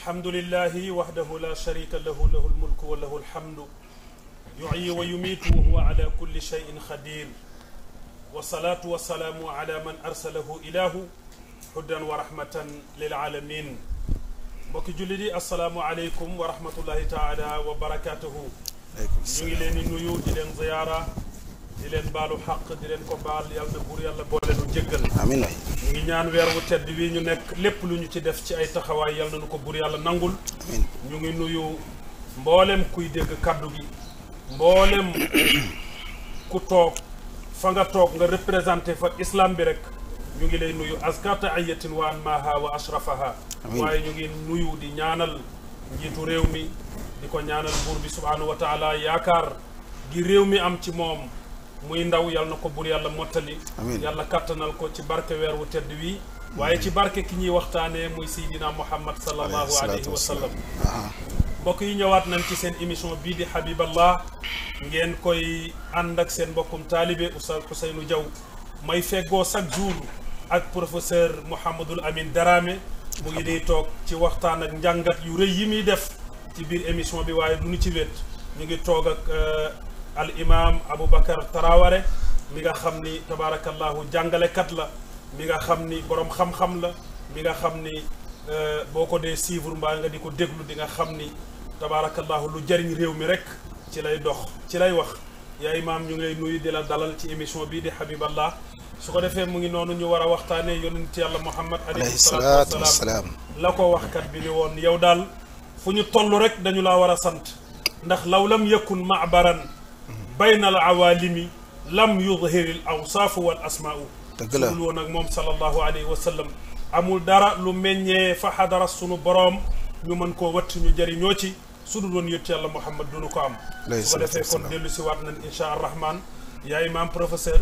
alhamdulillahi wahdahu la sharika lahu lahu almulku wa lahu alhamdu yuhyi wa yumiitu wa huwa ala kulli shay'in qadir wa salaatu wa salaamu ala man arsalahu ilahu hudan wa rahmatan lil alamin mbokki jullit yi assalaamu aleykum wa rahmatullahi taala wa barakatuhu ñu ngi leen di nuyu di leen ziyaara di leen baalu xaq di leen ko baal yàlla na buur yàlla boole nu jéggal ñu ngi ñaan weer wu tedd wi ñu nekk lépp lu ñu ci def ci ay taxawaay yàlla na nu ko buur yàlla nangul ñu ngi nuyu mboolem kuy dégg kàddu gi mboolem ku toog fa nga toog nga représenté fa islam bi rek ñu ngi lay nuyu askata ayatin wa anmaha wa ashrafaha waaye ñu ngi nuyu di ñaanal njiitu réew mi di ko ñaanal buur bi subhaanahu wa yaakaar gi réew mi am ci moom muy ndaw yal na ko bur yàlla mottali yàlla kàttanal ko ci barke weer wu tedd wii waaye ci barke ki ñuy waxtaanee muy Seydina Muhammad sallallahu alayhi wa sallam mbokk yi ñëwaat nañ ci seen émission bii di Habiballah ngeen koy ànd ak seen mbokkum taalibe Oustaz Ousseynou Diaw may feggoo chaque jour ak professeur Mouhamadul Amin Darame mu ngi day toog ci waxtaan ak njàngat yu rëy yi muy def ci biir émission bi waaye du ñu ci wét ñu ngi toog ak euh, al imam Aboubacar Taraware mi nga xam ni tabaarakallahu jàngalekat la mi nga xam ni boroom xam-xam la mi nga xam ni euh, boo ko dee suivre mbaa nga di ko déglu di nga xam ni tabaarakallahu lu jariñ réew mi rek ci lay dox ci lay wax yaa imaam ñu ngi lay nuyu di la dalal ci émission bii di Habiballah su ko defee mu ngi noonu ñu war a waxtaanee yonent yàlla Muhammad alayhi salaatu wasalaam la ko waxkat bi ni woon yow daal fu ñu toll rek dañu laa war a sant ndax bayna al awaalimi lam yudhiri l awsaafu wal asmaau dëgg la woon ak moom sallallahu alayhi wa sallam amul dara lu meññee fa xadara sunu boroom ñu mën koo watt ñu jëriñoo ci su dul woon yëttu yàlla Muhammad du nu ko am su ko defee kon dellu si waat nañ insha arrahman yaa imaam professeur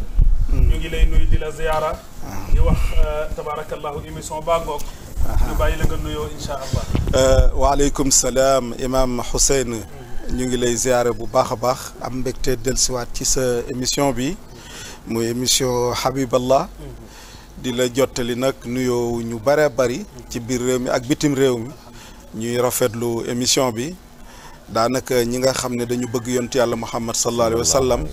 hmm. ñu ngi lay nuyu di la ziyaara ah. di wax euh, tabaarakallahu émission baa ngoog ñu bàyyi la nga nuyoo insha allah euh, waaleykum salaam imaam Hussein hmm. ñu ngi lay ziare bu baax a baax am mbégte dellusiwaat ci sa émission bi muy émission Habiballah di la jottali nag nuyoo ñu bare bari ci biir réew mi ak bitim réew mi ñuy rafetlu émission bi daanaka ñi nga xam ne dañu bëgg yontu yàlla Muhammad sallallahu alayhi sallam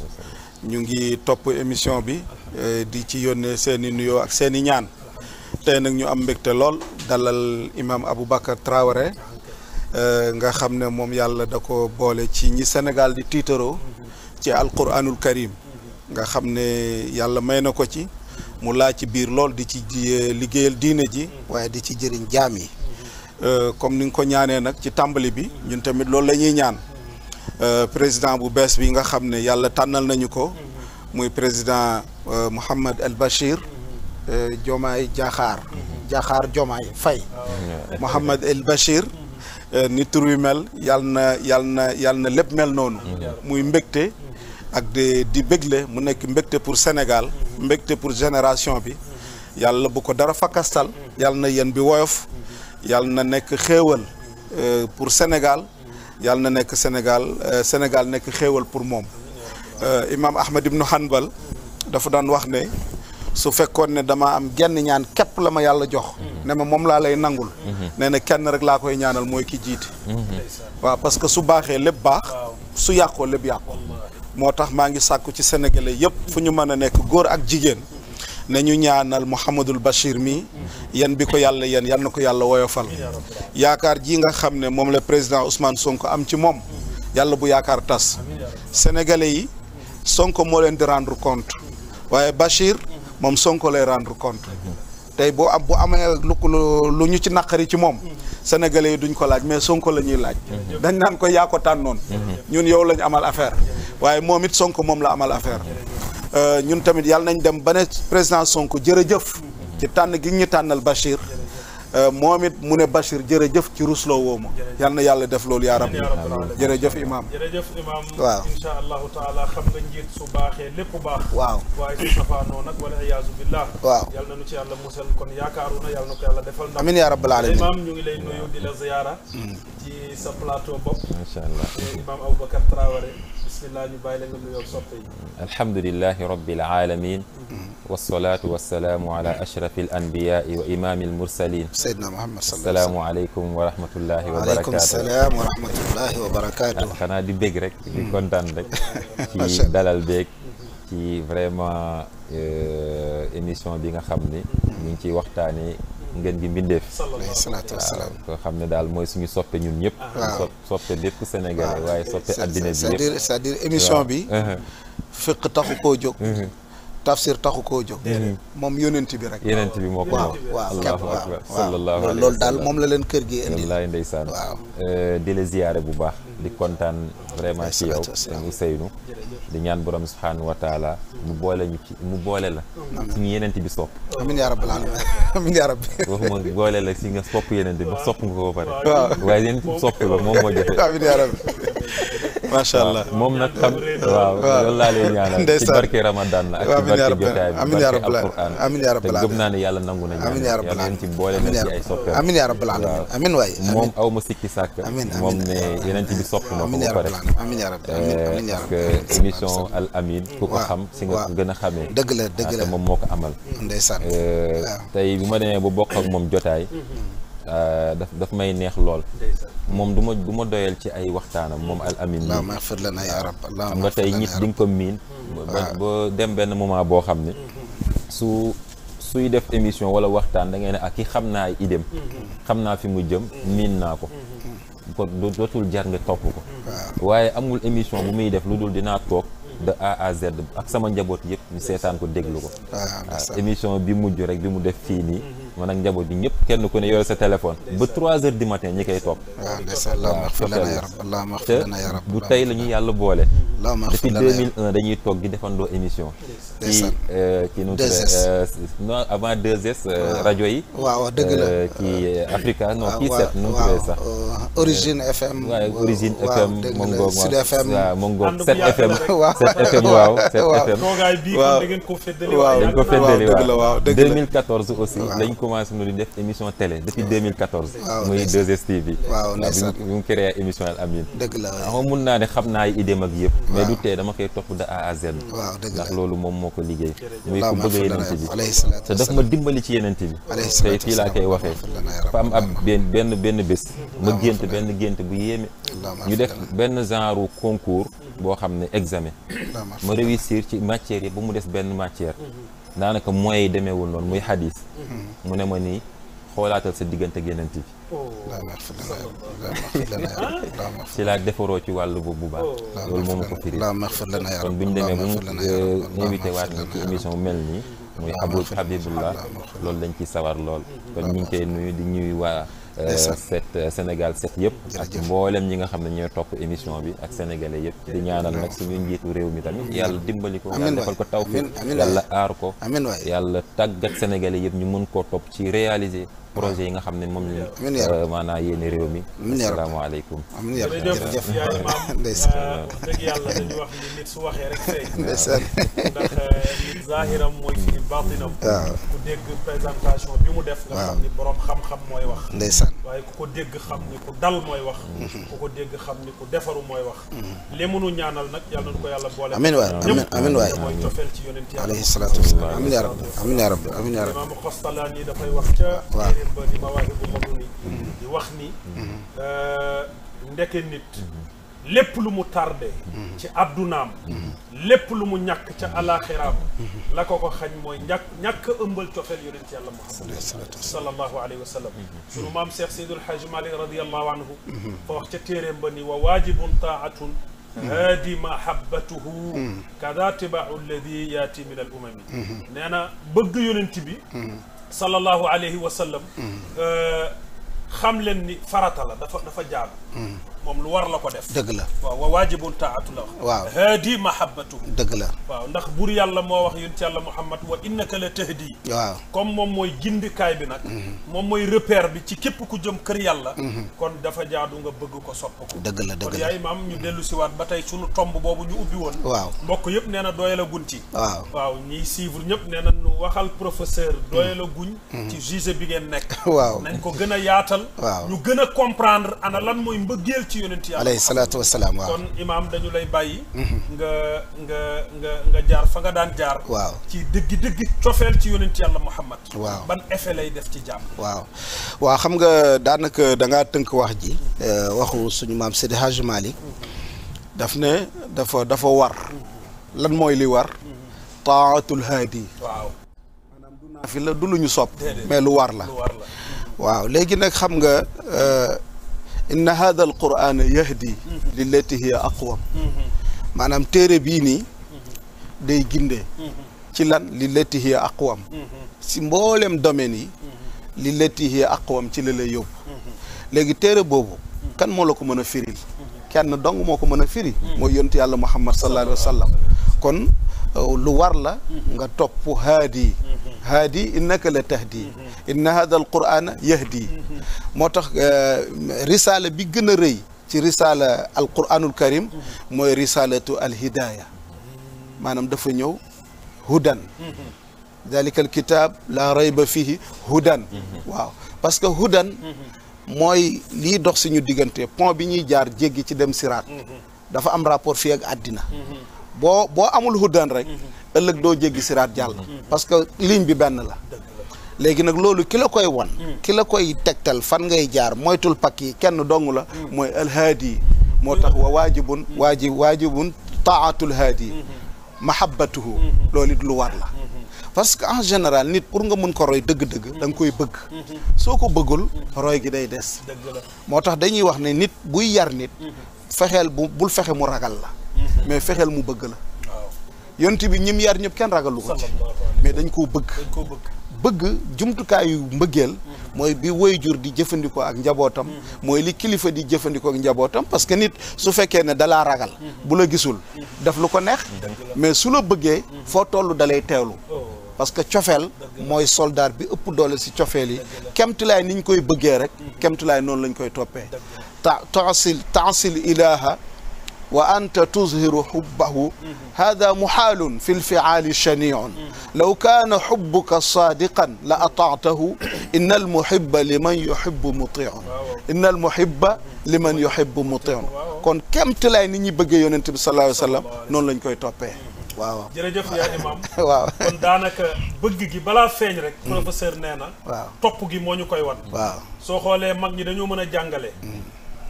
ñu ngi topp émission bi eh, di ci yónnee seeni nuyoo ak seeni ñaan tey nag ñu am mbégte lool dalal imaam abu Aboubacar Traoré Euh, nga xam ne moom yàlla da ko boole ci ñi Sénégal di tiitaroo ci alquranul karim nga xam ne yàlla may na ko ci mu laa ci biir lool di ci euh, liggéeyal diine ji waaye di ci jëriñ jaam yi euh, comme ni nga ko ñaanee nag ci tàmbali bi ñun tamit loolu la ñuy ñaan président bu bees bi nga xam ne yàlla tànnal nañu ko muy président Mouhamed El Bachir Diomaye Diakhar Diakhar Diomaye Faye Mouhamed El Bachir Euh, ni tur mel yal na yal na yal na lépp mel noonu. Mm-hmm. muy mbégte. ak di bégle mu nekk mbégte pour Sénégal. mbégte pour génération bi. yàlla bu ko dara fakastal. yàlla na yéen bi woyof. yàlla na nekk xéewal euh, pour Sénégal. yàlla na nekk Sénégal euh, Sénégal nekk xéwal pour moom. Imaam Ahmad ibnu Hanbal dafa daan wax ne. su fekkoon ne dama am genn ñaan képp la ma yàlla jox ne ma moom laa lay nangul nee na kenn rek laa koy ñaanal mooy ki jiite waaw parce que su baaxee lépp baax su yàqoo lépp yàqoo moo tax maa ngi sàkku ci sénégalais yëpp fu ñu mën a nekk góor ak jigéen ne ñu ñaanal Mouhamadul Bachir mi yan bi ko yàlla yan yan na ko yàlla woyofal yaakaar ji nga xam ne moom la président Ousmane Sonko am ci moom yàlla bu yaakaar tas sénégalais yi Sonko moo leen di rendre moom Sonko lay rendre compte tey bu am bu amee lu lu ñu ci naqari ci moom sénégalais yi duñ ko laaj mais Sonko la ñuy laaj dañ naan ko yaa ko tànnoon ñun yow lañ amal affaire waaye moom it Sonko moom la amal affaire euh, ñun tamit yàlla nañ dem ba président Sonko jërëjëf ci tànn gi ñu tànnal Bachir Euh, moom it mu ne Bachir jërëjëf ci rusloo woo ma yal na yàlla def loolu yaa rabbi jërëjëf imaam jërëjëf imaam waaw insha allahu taala xam nga njiit su baaxee lépp baax waaw waaye su safaanoo nag wala iyaazu billah waaw yal na nu ci yàlla musal kon yaakaaru yal na ko yàlla defal na amin yaa rabbal alamin imaam ñu ngi lay nuyu di la ziyaara mm. ci sa plateau bopp insha bismillah ñu bàyyi la nga nuyoo soppe yi alhamdulilahi rabbil alamin mhm. wasalaatu wasalaamu ala ashrafi al anbiyaai wa imaami al mursalin sayyidina muhammad salaamu aleykum wa rahmatullahi wa barakatuh salaam wa rahmatullahi wa barakatuh ah, xanaa di bég rek di mhm. kontaan rek ci dalal beeg ci vraiment euh, émission bi nga xam ni mhm. ñu ngi ciy waxtaane ngeen gi mbindeef salaatu wasalaam ko xam ne daal mooy suñu soppee ñun ñëpp ah. waaw soppe lépp sénégalais waaye soppe addina bi yëpp cest émission bi uh-huh. fiq taxu ko jóg uh-huh. tafsir taxu ko jóg moom yonent bi rek yonent bi moo ko waaw waaw daal moom la leen kër gi indi wallaay ndeysaan waaw euh, di la ziyaare bu baax di kontaan vraiment ci yow sëñ Ousseynou di ñaan borom subhaanahu wa mu boole ñu ci mu boole la ci ñu bi sopp amiin yaa rabbal aalamiin boole la si nga sopp yonent bi sopp nga ba pare waaw waaye yonent moom moo jafe amiin yaa rabbi macha allah moom nag xam waaw loolu laa leen ñaanal ci barke ramadan la ak ci barke jotaay bi amiin yaa rabbal aalamiin amiin te gëm naa ne yàlla nangu na amiin yaa rabbal aalamiin ci boole na ci ay soppe amiin yaa waay moom aw ma sikki sàkk ne yeneen bi sopp na ko ba pare amiin yaa rabbal aalamiin eh, parce que émission al amin ku ko xam si nga gën a xamee dëgg la dëgg ah, la moom moo ko amal ndeysaan eh, tey bu ma demee bu bokk ak moom jotaay mhm. Euh, daf daf may neex lool. moom du ma du ma doyal ci ay waxtaanam moom al amin. laa xam nga tey nit di nga ko miin. boo ah. dem benn moment boo xam ne. su suy def émission wala waxtaan da ngay ne ak ah, ki xam naa ay idem. xam naa fi mu jëm miin naa ko. kon dootul jar nga topp ko. Ah. waaye amul émission bu muy def lu dul dinaa toog. de A à Z ak sama njaboot yëpp ñu seetaan ko déglu ko. émission bi mujj rek bi mu def fii nii. man ak njaboot bi ñëpp kenn ku ne yore sa téléphone ba trois heures du matin ñi koy topp waaw te bu tey la ñu yàlla boole depuis 2001 dañuy toog di defandoo émission ci ci euh, nu. 2S euh, non avant 2S. Euh, rajo yi. waaw dëgg la ci Africa non kii set nu mu tuddee sax. Origine FM. waaw Origine FM moom ngoog Sud FM. waaw moom ngoog 7 FM. waaw 7 FM waaw 7 FM. waaw dañ ko feddali waaw dañ ko feddali aussi lañ commencé nu di def émission télé depuis 2014. muy 2STV. waaw mu créé émission Al Amine. dëgg la ah, waaw moom mun naa ne xam naa ay idée mag yëpp. mais du tee dama koy topp de A à ndax loolu moom moo ko liggéey muy ku bëgg yenente bi te daf ma dimbali ci yenente bi tey fii laa koy waxee fa am ab benn benn benn bés ma gént benn gént bu yéeme ñu def benn genre concours boo xam ne examen ma réussir ci matière yi ba mu des benn matière daanaka mooy yi demeewul noonu muy xadis mu ne ma ni xoolaatal sa diggante ak yenente bi Oh. ci laa defaroo ci wàllu boobu bu baax. Oh. loolu moom ko firi. kon bu ñu demee bu ñu euh, invité waat ci émission mel nii. muy Abou Habibullah loolu dañ ci sawar lool. Mm-hmm. kon ñu ngi koy nuyu di ñuy waa. Euh, set euh, Sénégal set yëpp. ak mboolem ñi nga xam ne ñoo topp émission bi ak sénégalais yëpp. di ñaanal nag suñu njiitu réew mi tamit yàlla dimbali ko. yàlla defal ko taw fi yàlla aar ko. yàlla tàggat sénégalais yëpp ñu mën koo topp ci réaliser. projet yi nga xam ne moom lañ euh, maanaam yéene réew mi asalaamaaleykum jërëjëf yaay maam ndeysaan euh, dëgg yàlla dañu wax ni nit su waxee rek fay ndeysaan ndax nit euh, zahiram mooy firi baatinam waaw ku dégg présentation bi mu def nga xam ni borom xam-xam mooy wax ndeysaan waaye ku ko dégg xam ni ku dal mooy wax. Mhm. ko ko dégg xam ni ku defaru mooy wax. Mhm. li mënu ñaanal nag yal nañu ko yàlla boole. amiin waay amiin amiin waay mooy cofeel ci yonent yàlla. alayhi salaatu wasalaam amiin yaa rabbi amiin yaa rabbi amiin yaa rabbi. imaamu dafay wax ca. waaw téeréem ba di Mawaahibu Maduuni mhm. di wax ni. Euh, ndeke nit. lépp lu mu tardé ci àddunaam lépp lu mu ñàkk ca alaxiraam la ko ko xañ mooy ñàkk ñàkk ëmbal cofeel yonent yàlla muhammad sallallahu alayhi wa sallam sunu maam cheikh seydul haaji malik radiallahu anhu fa wax ca téeréem ba ni wa waajibun taatun haadi mahabbatuhu kada tibau alladi yaati min al umami nee na bëgg yonent bi sallallahu alayhi wa sallam euh, xam leen ni farata la dafa dafa jaadu moom lu war la ko def. dëgg la waaw wa waajibun taatu la. waaw haadi mahabbatu. dëgg la waaw ndax bur yàlla moo wax yonent yàlla Muhammad wa innaka la tahdi. waaw comme moom mooy gindikaay bi nag. Mhm. moom mooy repère bi ci képp ku jëm kër yàlla. Mhm. kon dafa jaadu nga bëgg ko sopp ko. dëgg la dëgg la kon yaay maam ñu dellu waat ba tey sunu tomb boobu ñu ubbi woon. waaw mbokk yëpp nee na doyal a gun ci. waaw waaw ñiy suivre ñëpp nee na nu waxal professeur mhm. doyal a guñ. bi ngeen nekk. waaw nañ a a mbëggeel ci yonent yàlla alayhi salaatu wasalaam waaw kon imaam dañu lay bàyyi mhm. nga nga nga jaar fa nga daan jaar waaw ci dëgg dëgg cofeel ci yonent yàlla muhammad waaw ban effet lay def ci jàmm waaw waaw xam nga daanaka da tënk wax ji euh, waxu suñu maam Seydi Hadji Malick daf ne dafa dafa war lan mooy li war taatul haadi waaw maanaam du la du lu ñu sopp mais lu war la waaw léegi nag xam nga euh, inna hada al qur'ana yahdi lillati hiya aqwam maanaam téere bii nii day gindee ci lan lillati hiya aqwam si mboolem domaines yi lillati hiya aqwam ci la lay yóbbu léegi téere boobu kan moo la ko mën a firil kenn dong moo ko mën a firi mooy yontu yàlla muhammad sallallahu alayhi wa sallam kon euh, lu war la nga topp haadi haadi innaka la tahdi inna hada al qur'ana yahdi moo tax euh, risaala bi gën a rëy ci risaala al qur'anul karim mooy risalatu al hidaya maanaam dafa ñëw hudan dalika al kitab la rayba fihi hudan waaw parce hudan mooy lii dox suñu diggante pont bi ñuy jaar jéggi ci dem siraat dafa am rapport fii ak àddina boo boo amul huddaan rek ëllëg doo jéggi siraat jàll parce que ligne bi benn la léegi nag loolu ki koy wan ki koy tegtal fan ngay jaar moytul pakk yi kenn dong la mooy alhaadi moo tax wa waajibun waajib waajibun taatul haadi mahabbatuhu loolu it lu war la parce que en général nit pour nga mën ko roy dëgg-dëgg da koy bëgg soo ko bëggul roy gi day des moo tax dañuy wax ne nit buy yar nit fexeel bu bul fexe mu ragal la mais fexeel mu bëgg la yont bi ñim yar ñëpp kenn ragalu ko ci mais dañ koo bëgg bëgg jumtukaayu mbëggeel mooy bi jur di jëfandikoo ak njabootam mooy li kilifa di jëfandikoo ak njabootam parce que nit su fekkee ne dalaa ragal bu la gisul def lu ko neex mais su la bëggee foo toll dalay teewlu oh. parce que cofeel mooy soldat bi ëpp doole si cofeel yi kemtulaay ni ñu koy bëggee rek kemtulaay noonu lañ koy toppee ta tasil tasil ilaha wa anta tuzhiru xubbahu hada muxaalun fi lfiaali shaniun law kaana xubbuka saadiqan la ataatahu inna almuhiba liman yuhibu mutiun inna almuhiba liman yuhibu mutiun kon kemtulaay ni ñuy bëggee yonente bi sallallahu alayhi wa sallam noonu lañ koy toppee waaw jërëjëf yaa waaw kon daanaka bëgg gi balaa feeñ rek mm. professeur nee na waaw topp gi moo ñu koy wan waaw soo xoolee mag ñi dañoo mën a jàngale mm.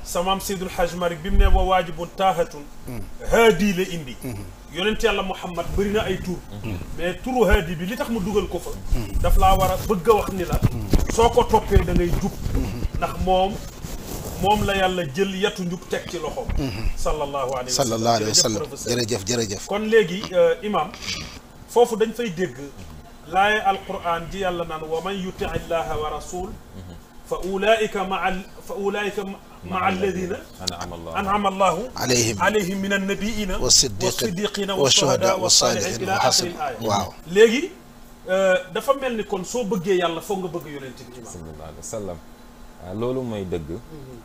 samaam Seydul Hajj Malik bi mu ne wa waajibun taahatun mm. haadi la indi yonent yàlla Muhammad bëri na ay tur mais turu haadi bi li tax mu dugal ko fa daf laa war a bëgg a wax ni la soo ko toppee da ngay jub ndax moom moom la yàlla jël yatu njub teg ci loxoom. Mhm. sallallahu alayhi wa sallam sallallahu alayhi wa sallam jërëjëf jërëjëf. kon léegi euh, imam foofu dañ fay dégg laaye alquran ji yàlla naan wa man yuti illaha wa rasul mhm. fa ulaika maa fa ulaika maa alladina anama allahu alayhim alayhim min annabiina wa siddiqina wa shuhada wa salihin ila axiri l aaya waaw léegi euh, dafa mel ni kon soo bëggee yàlla foog nga bëgg yonent bi imam sallallahu alayhi wa sallam Ah, loolu mooy dëgg mm-hmm.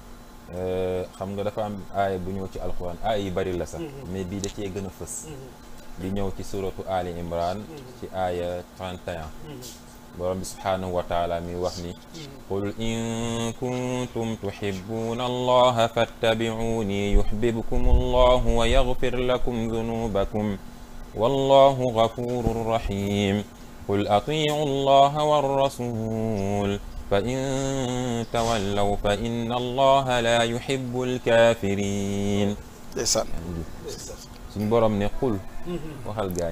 euh, xam nga dafa am aaya bu ñëw ci alquran aaya yu bari la sax mm-hmm. mais bii da cee gën a fës mm-hmm. di ñëw ci suratu ali imran ci aaya 31 borom bi subhaanahu wa taala mi wax ni qul in kuntum tuhibbuna allaha fattabi'uni yuhbibkum allahu wa yaghfir lakum dunubakum wallahu ghafurur rahim qul ati'u allaha war rasul فإن تولوا فإن الله لا يحب الكافرين ndeysaan suñ borom ne xul mm-hmm. waxal gaa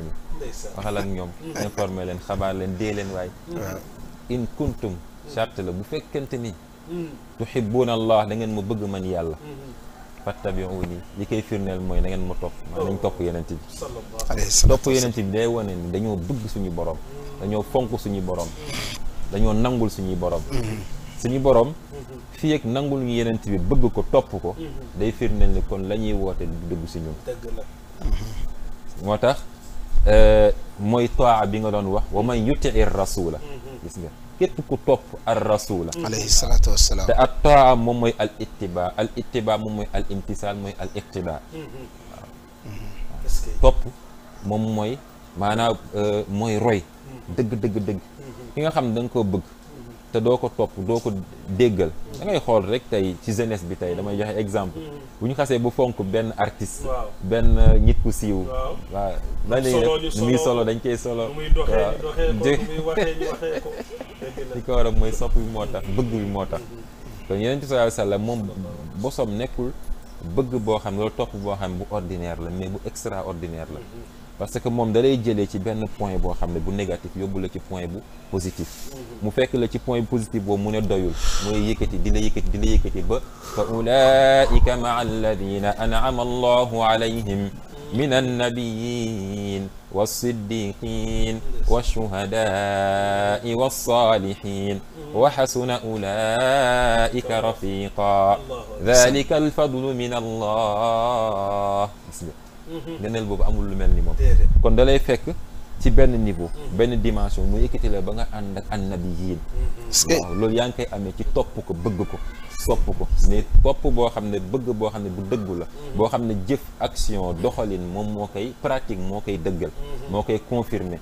ñi ñoom informé leen xabaar leen dee leen waay mm-hmm. in kuntum charte la bu fekkente ni mm-hmm. tuhibbuuna allah da ngeen ma bëgg man yàlla fattabi'uuni li koy firndeel mooy da ngeen ma topp maa nañ topp yenent bi topp yenent bi day wane ni dañoo bëgg suñu borom dañoo fonk suñu boroom dañoo nangul suñuy borom. suñu borom. fii ak nangul ñu yeneen bi bëgg ko topp ko. day firndeel ni kon la woote du dëgg si ñun. dëgg la. moo tax euh, mooy toa bi nga doon wax wa man yutii rasula gis nga képp ku topp ar rasula alayhi salaatu te at toa moom mooy al ittiba al ittiba moom mooy al imtisaal mooy al iqtida topp moom mooy maanaam euh, mooy roy dëgg dëgg dëgg ki nga xam ne da nga koo bëgg te doo ko topp doo ko déggal da xool rek tey ci jeunesse bi tey damay joxe exemple bu ñu xasee bu fonk benn artiste benn nit ku siiw waaw la léegi muy solo dañ koy solo waaw li ko waral mooy sopp bi moo tax bëgg bi moo tax kon yeneen ci sallallahu alayhi moom bosom nekkul bëgg boo xam ne loolu topp boo xam ne bu ordinaire la mais bu extraordinaire la parce que moom da lay jëlee ci benn point boo xam ne bu négatif yóbbu la ci point bu positif mu fekk la ci point bu positif boobu mu ne doyul mooy yëkkati di la yëkkati di la yëkkati ba fa ulaika maa alladina an'ama allahu alayhim min annabiyin wassiddiqin washuhadaai wassalihin wa xasuna ulaika rafiqa dalika alfadlu min allah ngëneel boobu amul lu mel ni moom kon da lay fekk ci benn niveau mm-hmm. benn dimension mu yëkkati la ba nga ànd ak annabi yiin mm-hmm. waaw loolu yaa ngi koy amee ci topp ko bëgg ko sopp ko ne topp boo xam ne bëgg boo xam ne bu dëggu la mm-hmm. boo xam ne jëf action doxalin moom moo koy pratique moo koy dëggal moo koy confirmer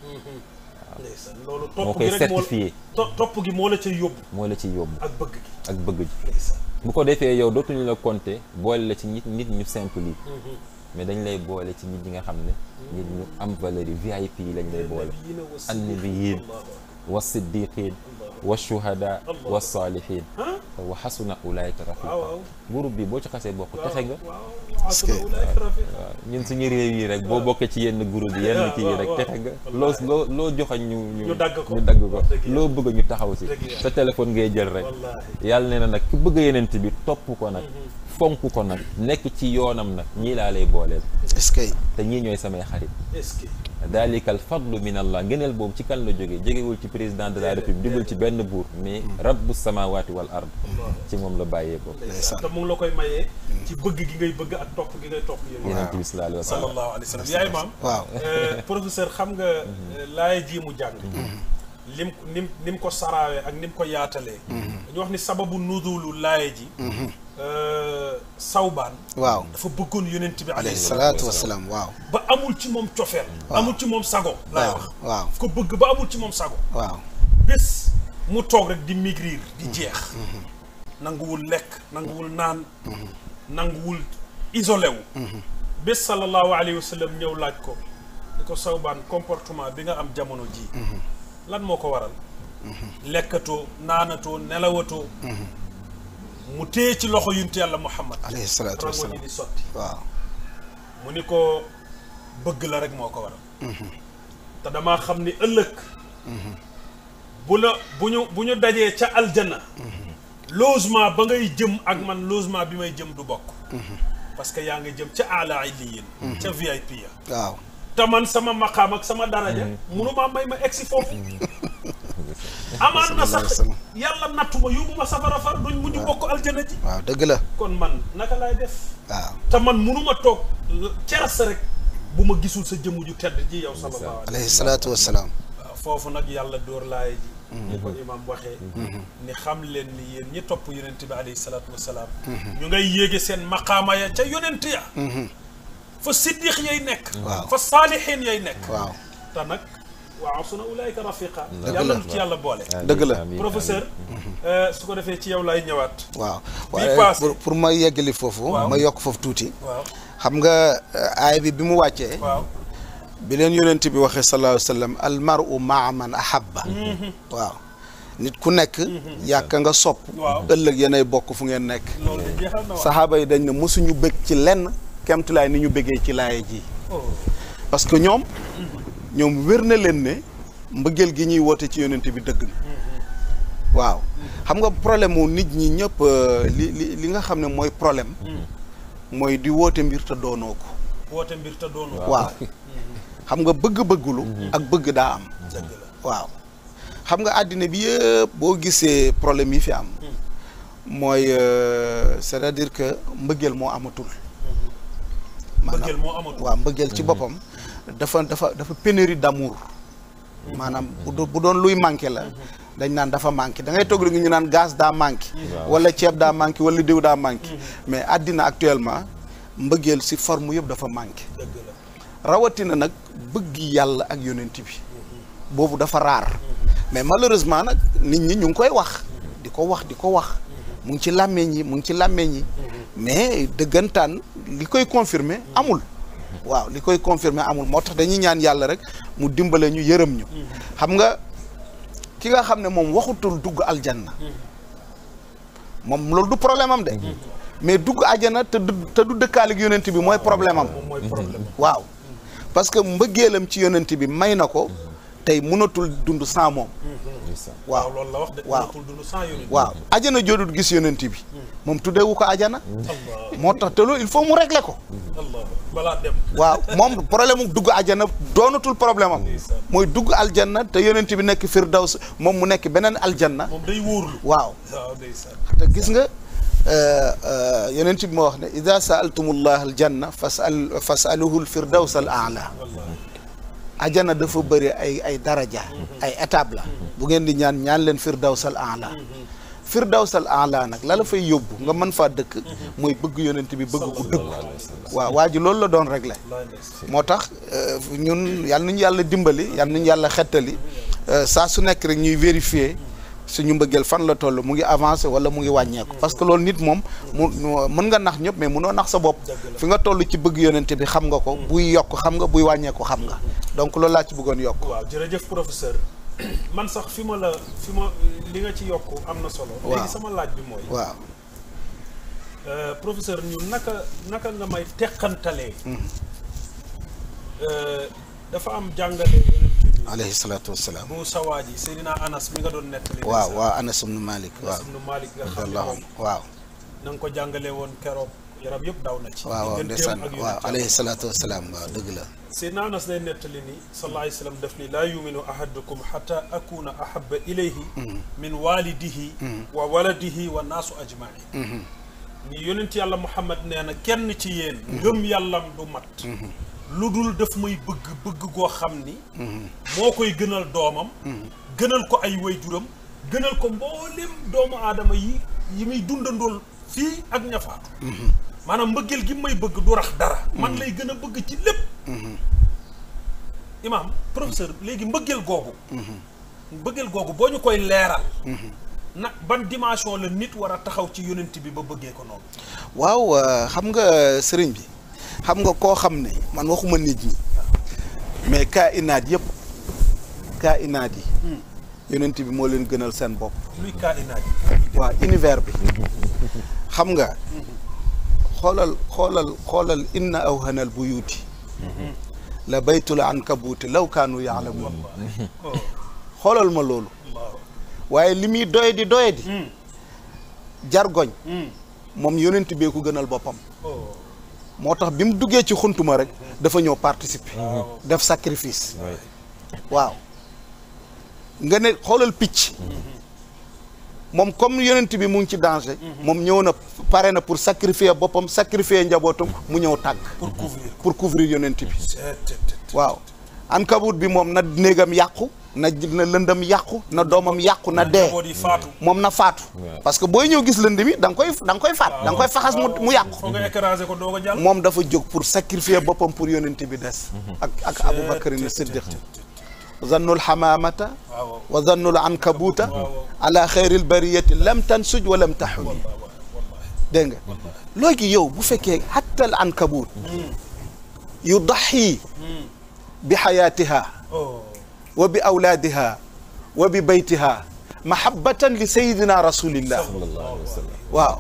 loolu topp gi moo koy certifié topp gi moo la ciy yóbbu. moo la ci yóbbu ak bëgg ak bëgg ji. bu ko defee yow dootuñu la compter boole la ci nit nit ñu simple yi. mais dañ lay boole ci nit ñi nga xam ne nit ñu am valeur yi VIP yi lañ lay boole annabiyin wa siddiqin wa shuhada wa salihin wa xasuna ulaayka rafiqa group bi boo ci xasee bokk texe nga ñun suñu réew yi rek boo bokkee ci yenn groupe yi yenn kii rek texe nga loo loo loo joxañ ñu ñu dagg ko loo bëgg ñu taxaw si sa téléphone ngay jël rek yàlla nee na nag ki bëgg yeneen bi topp ko nag mm-hmm. fonk ko nag nekk ci yoonam nag ñii laa lay booleel que te ñii ñooy samay xarit est-ce que daalika al fadlu min allah ngëneel boobu ci kan la jógee jógewul ci président de la république jógul ci benn buur mais rabbu samawati wal ard ci moom la bàyyee ko te mu ngi la koy mayee ci bëgg gi ngay bëgg ak topp gi ngay topp yéen yonent bi sallallahu alayhi wa sallam yaay maam waaw eh, xam nga eh, laay jii mu jàng mm-hmm. lim nim nim ko saraawee ak nim ko yaatalee mhm. dañu wax ni sababu nuzulu laaya ji mhm. euh, sawbaan waaw dafa bëggoon yonent bi alayhi salaatu wasalaam waaw ba amul ci moom cofeel amul ci moom sago laay wax waaw ko bëgg ba amul ci moom sago waaw bés mu toog rek di migrir di mhm. jeex nanguwul lekk nanguwul naan nanguwul isolé wu bés sallallahu alayhi wa sallam ñëw laaj ko ni ko sawbaan comportement bi nga am jamono ji lan moo ko waral lekkatoo naanatoo nelawatoo mu téye ci loxo yunte yàlla muhammad alayhi salaatu wasalaam di sotti waaw mu ni ko bëgg la rek moo ko waral mm-hmm. te damaa xam ni ëllëg mm-hmm. bu la bu ñu bu ñu dajee ca aljana mm-hmm. logement ba ngay jëm ak man logement bi may jëm du bokk parce que yaa nga jëm ca ala illiyin ca vip ya waaw te man sama makaam ak sama daraja mm-hmm. munu maa may ma egsi foofu mm-hmm. amaan na sax yàlla nattu ma yóbbu ma safara far duñ mujj bokk aljana ji waaw dëgg la kon man naka laay def waaw te man munuma toog cerasa rek bu ma gisul sa jëmm ju tedd ji yow sallallahu alayhi salaatu foofu nag yàlla dóor laay ji ñu mm-hmm. ko imam waxee ni xam leen ni yéen ñi topp yonent bi salaat salaatu wassalaam ñu ngay yéege seen maqaama ya ca yonent ya fa siddiq yay nekk fa saalihin yay nekk waaw te nag waaw suna ulaayka rafiqa yàlla nu dëgg la professeur euh, su ko defee ci yow laay ñëwaat waaw waaye pour ma yeggali foofu ma yokk foofu tuuti xam nga euh, aay bi bi mu wàccee bi leen yonent bi waxee sallallahu alayhi wa sallam al mar'u ma'a man mm-hmm. waaw nit ku nekk mm-hmm. yàkka nga sopp ëllëg yéenay bokk fu ngeen nekk saxaaba yi dañ ne mosuñu bëgg ci lenn kemtulaay ni ñu bëggee ci laaya ji oh. parce que ñoom ñoom wér na leen ne mbëggeel gi ñuy woote ci yonent bi dëgg na mm-hmm. waaw mm-hmm. xam nga problème wu nit ñi ñëpp euh, li li nga xam ne mooy problème mm-hmm. mooy di woote mbir te doonoo ko woote waaw xam nga bëgg-bëggulu ak bëgg daa am waaw xam nga àddina bi yëpp boo gisee problème yi fi am mooy euh, c'est-à-dire que mbëggeel moo amatul maanaam waaw mbëggeel ci boppam dafa dafa dafa pénurie d'amour maanaam bu doon luy manqué la dañ naan dafa manqué dangay ngay toog rek ñu naan gaz daa manqué wala ceeb daa manqué wala diw daa manqué mais àddina actuellement mbëggeel si forme yëpp dafa manqué rawatina nag bëgg yàlla ak yonent bi boobu dafa raar mais malheureusement nag nit ñi ñu ngi koy wax di ko wax di ko wax mu ngi ci làmmeñ yi mu ngi ci làmmeñ yi mais dëggantaan li koy confirmer amul. waaw li koy confirmer amul moo tax dañuy ñaan yàlla rek mu dimbale ñu yërëm ñu. xam nga ki nga xam ne moom waxutul dugg aljanna. moom loolu du problème am de. mais dugg ajana te du te du dëkkaalik yonent bi mooy problème am. waaw parce que mbëggeelam ci yonent bi may na ko. tey mënatul dund sans moom. waaw loolu la wax de mënatul dund sans yonent ajana joodul gis yonent bi. moom tuddeewu ko ajana. moo tax te il faut mu régler ko. balaa moom problème mu dugg ajana doonatul problème am. mooy dugg aljanna te yonent bi nekk firdaws moom mu nekk beneen al moom day wóorlu gis nga. Euh, euh, yonent bi moo wax ne ida saaltumullah aljanna fasal fasaluhu alfirdaws al aala ajana dafa bëri ay ay daraja mhm. ay étape la mhm. bu ngeen di ñaan ñaan leen fir firdawsal aala mhm. firdawsal aala nag la la fay yóbbu nga man faa dëkk mooy bëgg yonent bi bëgg ku dëkk waaw waa ji loolu la doon réglé moo tax euh, ñun yal nañu yàlla dimbali yal nañu yàlla xettali euh, saa su nekk rek ñuy vérifier suñu mbëggeel fan la toll mu ngi avancé wala mu ngi wàññeeku parce que loolu nit moom mu mën nga nax ñëpp mais munoo nax sa bopp fi nga toll ci bëgg yonent bi xam nga ko buy yokk xam nga buy wàññeeku xam nga donc loolu laa ci bëggoon yokk. waaw jërëjëf professeur man sax fi ma la fi ma li nga ci yokk am na solo. waaw léegi sama laaj bi mooy. waaw. Euh, professeur ñu naka naka nga may teqantalee. Hmm. Euh, dafa am jàngale. alayhi salaatu wa salaam. bu sawaa ji Seydina Anas mi nga doon nettali. waaw waaw Anas ibnu Malik. waaw Anas ibnu Malik waaw. na nga ko jàngalee woon keroog. yaram yëpp daw na ci. waaw waaw ndeysaan waaw alayhi salaatu wa salaam waaw dëgg la. Seydina Anas lay nettali ni sallallahu alayhi wa sallam daf ni laa yuminu ahadukum xata akuna ahaba ilayhi mm-hmm. min waalidihi mm-hmm. wa waladihi wa naasu ajmain mm-hmm. ni yonent yàlla Muhammad nee na kenn ci yéen ngëm yàllam du mat lu dul daf muy bëgg bëgg goo xam ni moo koy gënal doomam gënal ko ay waajuram gënal ko mboolem doomu aadama yi yi muy dundandool fii ak ñafaatu maanaam mbëggeel gi may bëgg du rax dara. man mm-hmm. lay gën a bëgg ci lépp. Mm-hmm. imaam professeur léegi mbëggeel googu. Mm-hmm. mbëggeel googu boo ñu koy leeral. na ban dimension la nit war a taxaw ci yonent bi ba bëggee ko noonu. waaw euh, xam nga sëriñ bi xam nga koo xam ne man waxuma nit ñi mais kaa inaat yëpp kaa inaat yi. Hmm. yonent bi moo leen gënal seen bopp. luy kaa inaat yi. waa bi hmm. xam nga. Hmm. xoolal xoolal xoolal inna awhanal buyuuti mm-hmm. la baytul ankabuuti law kaanu yaalamuun xoolal ma loolu waaye li muy doye di doye di mm. jargoñ mm. moom yonent bee ku gënal boppam oh. moo tax bi mu duggee ci xuntuma rek dafa ñëw participer mm-hmm. def sacrifice waaw nga ne xoolal picc mm-hmm. moom comme yonent bi mu ngi ci danger. moom ñëw na pare na pour sacrifier boppam sacrifier njabootam mu ñëw tàgg. pour couvrir pour couvrir yonent bi. waaw ankabut bi moom na néegam yàqu. na na lëndam yàqu na doomam yàqu na dee moom na faatu parce que booy ñëw gis lëndam yi da nga koy da nga koy faat da nga koy faxas mu mu yàqu moom dafa jóg pour sacrifier boppam pour yonent bi des mhm. ak ak Aboubacar ni Siddiq zannul xamaamata wa zannul ankabuuta ala xeyril bariyati lam tansuj wa lam taxuli dégg nga léegi yow bu fekkee hatta al ankabuut yu daxi bi xayaatiha wa bi awlaadiha wa bi baytiha mahabbatan li sayidina rasulillah waaw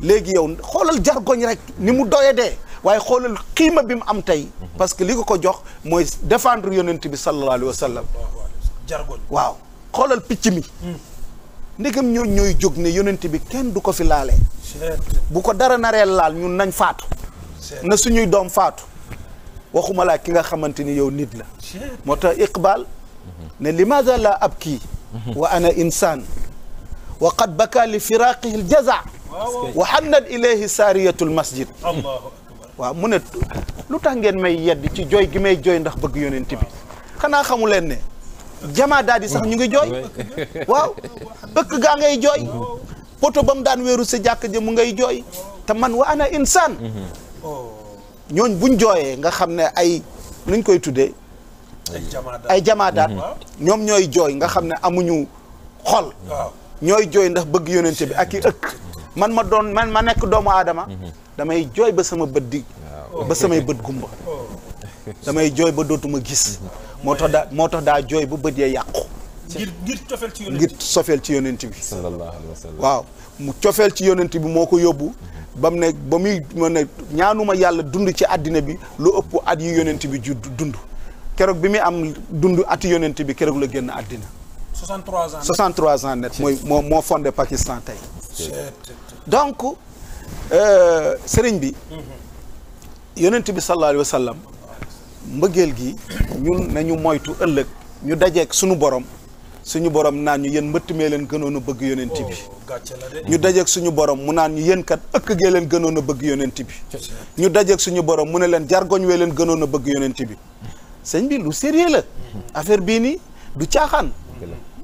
léegi yow xoolal jargoñ rek ni mu doye dee waaye xoolal xiima bi mu am tey parce que li ko ko jox mooy défendre yonent bi sallallahu alayhi wa sallam jargoñ waaw xoolal picc mi ndegam ñoo ñooy jóg ne yonent bi kenn du ko fi laale bu ko dara naree laal ñun nañ faatu na suñuy doom faatu waxuma laa ki nga xamante ni yow nit la moo tax iqbal ne limaada la ab kii wa ana insaan wa qad baka li firaqihi aljaza wa hannat ilayhi saariyatul masjid waaw mu ne lu tax ngeen may yedd ci jooy gi may jooy ndax bëgg yonent bi xanaa xamu leen ne jamaa daal di sax ñu ngi jooy waaw ëkk gaa ngay jooy poto ba mu daan wéeru sa jàkk ja mu ngay jooy te man wa ana insaan mm-hmm. ñooñ buñ jooyee nga xam ne ay nuñ koy tuddee ay jamaa daat mm-hmm. ñoom ñooy jooy nga xam ne amuñu xol ñooy jooy ndax bëgg yonente bi ak i ëkk man ma doon man ma nekk doomu aadama mhm. damay jooy ba sama bët di ba samay bët gumba damay jooy ba dootuma gis mhm. moo tax daa moo tax daa jooy ba bët yee yàqu ngir ngir ci yonent bi ci yonent bi sallallahu waaw mu cofeel ci yonent bi moo ko yóbbu mhm. ba mu nekk ba muy ma ne ñaanuma yàlla dund ci àddina bi lu ëpp at yi yonent bi ju dund keroog bi muy am dund ati yonent bi keroog la génn àddina 63 ans 63 ans net mooy moo moo fondé Pakistan tey donc euh, sëriñ bi yonent bi sallallahu alayhi wa sallam mbëggeel gi ñun nañu moytu ëllëg ñu dajeek suñu borom suñu borom naan ñu yéen mbëtt mee leen gënoon a bëgg yonent bi oh, ñu dajeek suñu borom mu naan ñu yéen kat ëkk gee leen gënoon a bëgg yonent ñu dajeek suñu borom mu ne leen jargoñ wee leen gënoon a bëgg yonent bi sëñ bi lu sérieux la affaire bii nii du caaxaan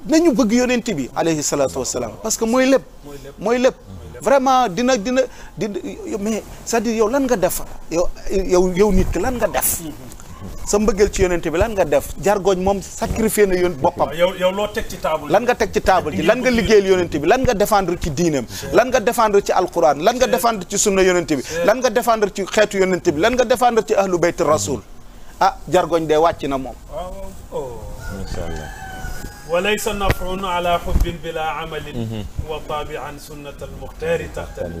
ñu bëgg yonent bi alayhi salaatu wasalaam parce que mooy lépp mooy lépp vraiment dina dina di mais c'est-à-dire yow lan nga def yow yow yow nit ki lan nga def sa mbëggeel ci yonente bi lan nga def jargoñ moom sacrifié na yoon boppam yow loo teg ci table lan nga teg ci taabul ji lan nga liggéeyal yonente bi lan nga défendre ci diinam lan nga défendre ci alquran lan nga défendre ci sunna yonente bi lan nga défendre ci xeetu yonente bi lan nga défendre ci ahlu bayt rasul ah jargoñ de wàcc na moom oh. walaysa nafrun ala xubbin bila amalin wa taabian sunnat al muxtaari taxtali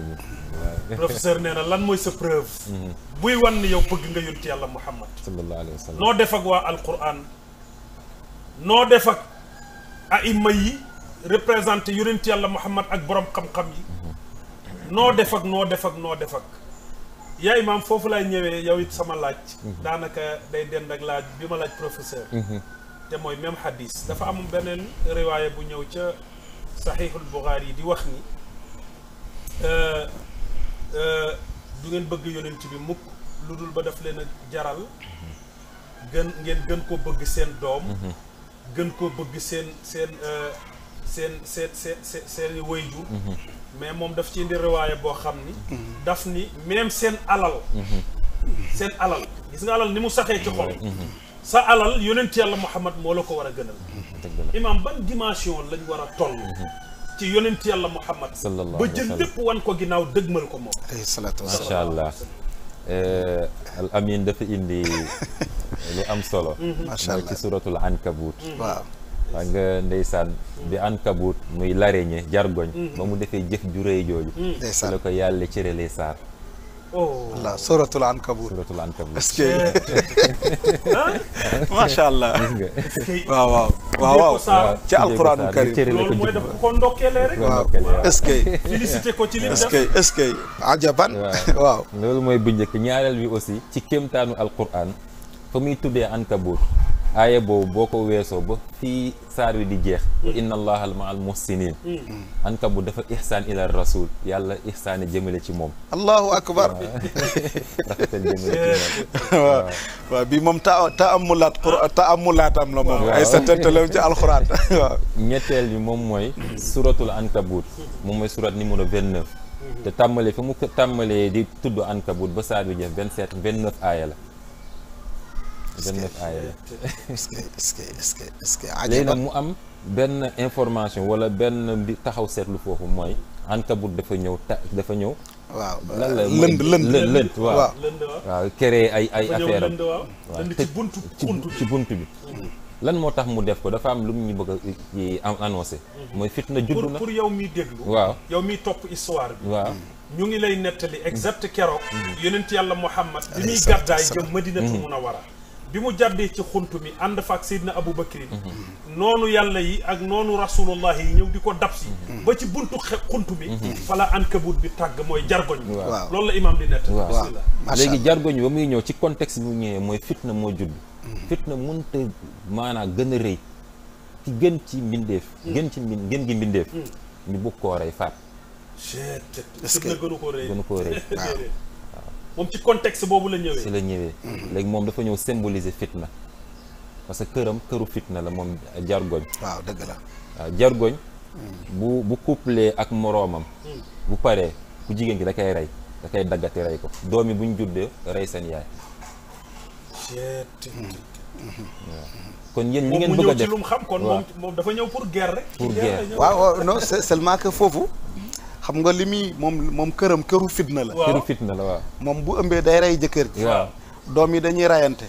professeur nee na lan mooy sa mhm. buy wan yow bëgg nga yonti yàlla muhammad sallallahu alayhi wa sallam noo def ak waa alquran noo def ak yi représenté yonent yàlla muhammad ak borom xam-xam yi noo mhm. def noo def ak foofu laay ñëwee yow sama laaj mhm. daanaka day dend ak laaj bi ma laaj professeur te mooy même xadis dafa amul beneen riwaaya bu ñëw ca saxiixul Buxaari yi di wax ni euh, euh, du ngeen bëgg yonent bi mukk lu dul ba daf leen a jaral gën ngeen gën ko bëgg seen doom gën koo bëgg seen seen euh, seen seen seen seeni wayjur mais moom daf ci indi riwaaya boo xam ni daf ni même seen alal seen alal gis nga alal ni mu saxee ci xol sa alal yonent yàlla Muhammad moo la ko war a gënal. imaam ban dimension lañ war a toll. ci yonent yàlla Muhammad. ba jël lépp wan ko ginnaaw mal ko moom. alayhi salaatu wa allah. Eh, al amin dafa indi lu am solo. Mhm. macha allah ci suratul ankabut. Mhm. waaw. xam nga ndeysaan bi ankabut muy larañe jargoñ. Mhm. ba mu defee jëf ju rëy jooju. la ko yàlla cëralee saar. walla suratul ankabut suratul ankabut est-ce que macha allah waaw waaw waaw waaw ci alquranu karim loolu mooy dafa ko ndokkeelee rek waaw est-ce que félicité ko ci li def est-ce que est-ce que ajaban waaw loolu mooy bu njëkk ñaareel bi aussi ci kéemtaanu alquran fa muy tuddee ankabut aaya boobu boo ko weesoo ba fii saar wi di jeex wa mm. inna allaha ma'al muhsinin mm. anka bu dafa ihsaan ila rasul yàlla ihsaane jëmale ci moom allahu akbar rafetal jëmale ci moom waaw waaw bi moom ta taamulaat ah. la moom ay sa tëntalew ci alxuraan waaw ñetteel bi moom mooy suratul ankabut moom mooy surat numéro 29 mm-hmm. te tàmmalee fi mu tàmmalee di tudd ankabut ba saar wi jeex 27 29 aaya la 29 aaya la est que est-ce que est-ce que léegi nag mu am benn information wala benn mbir taxaw seetlu foofu mooy ankabut dafa ñëw ta dafa ñëw waaw lan la lënd lënd lënd waaw waaw créé ay ay bi lan moo tax mu def ko dafa am lu mu ñu bëgg a annoncé mhm. mooy fitna juddu na pour yow miy déglu waaw yow miy topp histoire bi waaw ñu ngi lay nettali exact keroog mhm. yonent yàlla Muhammad bi muy gàddaay jëm Madinatu mhm. Munawwara bi mu jàddee ci xunt mi ànd fa ak Seydina Aboubacrin mhm. noonu yàlla yi ak noonu rasulullah yi ñëw di ko dab si mhm. ba ci buntu xunt mi mhm. fala ankabut bi tàgg mooy jargoñ waaw loolu la imaam di nett bismillah léegi jargoñ ba muy ñëw ci contexte bi mu ñëwee mooy fitna moo judd fitna mënta maanaa gën a rëy ci gën ci mbindeef gën ci mbi gën gi mbindeef ñu bëgg koo rey faat gën a gënu koo rëy moom ci contexte boobu la ñëwee. si la ñëwee. léegi moom dafa ñëw symboliser fitna parce que këram këru fitna la moom jargoñ. waaw dëgg la. waaw ah, jargoñ. bu bu couplé ak moroomam. Hmm. bu paree ku jigéen gi da koy rey da koy daggati rey ko doom yi bu ñu juddee rey seen yaay. Hmm. kon yéen li ngeen bëgg a def moom ñëw ci kon moom dafa ñëw pour guerre rek. pour guerre waaw non seulement que foofu. xam nga li muy moom moom këram këru fitna la. këru fitna la waaw. moom bu ëmbee day rey jëkkër ji. doom yi dañuy rayante.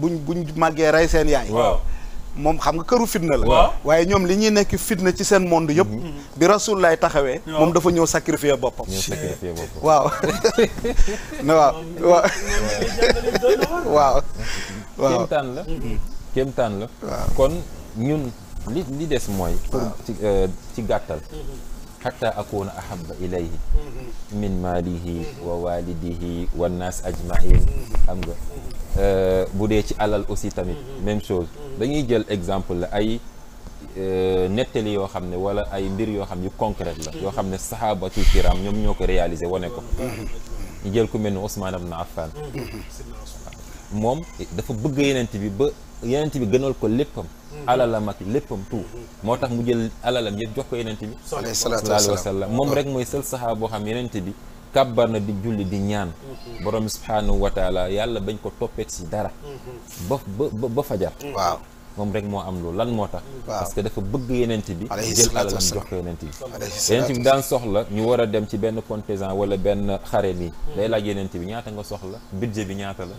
buñ buñ màggee rey seen yaay. moom xam nga këru fitna la. waaw waaye ñoom li ñuy nekk fitna ci seen monde yëpp. Mm-hmm. bi rasul lay taxawee. moom dafa ñëw sacrifier boppam. ñëw sacrifier boppam waaw. waaw waaw. waaw kéemtaan la. Mm-hmm. kéemtaan la. kon ñun li li des mooy. pour euh, ci gàttal. Mm-hmm. xatta akuna ahaba ilayhi min maalihi wa walidihi wannaas ajmain xam nga bu dee ci alal aussi tamit même chose dañuy jël exemple la ay nettali yoo xam ne wala ay mbir yoo xam ne yu concrète la yoo xam ne sahabatul kiram ñoom ñoo ko réalisé wane ko ñu jël ku mel ni Ousmane ibn Affan moom dafa bëgg yenent bi ba yenent bi gënal ko léppam alalam ak léppam tout moo tax mu jël alalam yëpp jox ko yenente bi sallallahu alayhi wa sallam moom rek mooy seul saxaa boo xam yenente bi kàbbar na di julli di ñaan borom bi subhaanahu yàlla bañ ko toppet si dara ba ba ba fajar waaw moom rek moo am loolu lan moo tax parce que dafa bëgg yenent bi jël alalam jox ko yenent bi yenent bi daan soxla ñu war a dem ci benn contingent wala benn xare nii day laaj yenent bi ñaata nga soxla budget bi ñaata la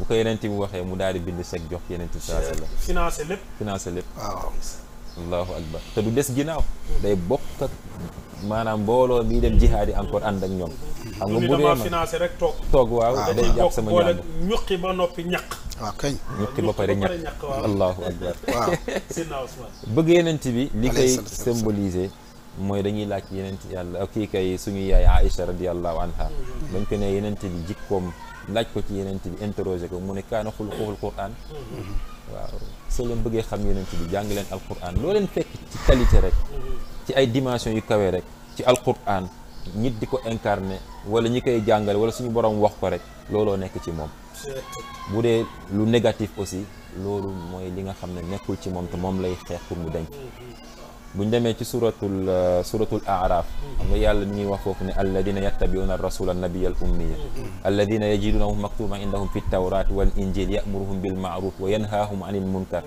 bu ko yeneen bi waxee mu daal di bind chèque jox yeneen bi la sallam financé lépp financé lépp waaw allahu akbar te du des ginnaaw day bokk ak maanaam mbooloo miy dem jihaad yi encore ànd ak ñoom xam nga bu dee ma financé rek toog toog waaw day jàpp sama ñaar ba noppi ñaq waaw kañ ñuqi ba pare ñaq allahu akbar waaw bëgg yeneen bi li koy symboliser mooy dañuy laaj yeneen yàlla kii kay suñu yaay Aïcha radiyallahu anha bañ mm-hmm. ko ne yeneen bi jikkoom laaj ko ci yeneen bi intérosé ko mu ne kaana xul xuxul quran waaw soo leen bëggee xam yeneen bi jàng leen alquran loo leen fekk ci qualité rek ci ay dimension yu kawe rek ci alquran nit di ko incarné wala ñi koy jàngale wala suñu borom wax ko rek looloo nekk ci moom bu dee lu négatif aussi loolu mooy li nga xam ne nekkul ci moom te moom lay xeex pour mu denc bu ñu demee ci suratul euh, suratul aaraaf xam nga yàlla mi ngi wax foofu ne alladina yattabiuna arrasula annabiya al ummiya alladina yajidunahu maktuban indahum fi tawrat wal injil yamuruhum bil maaruf wa yanhaahum anil munkar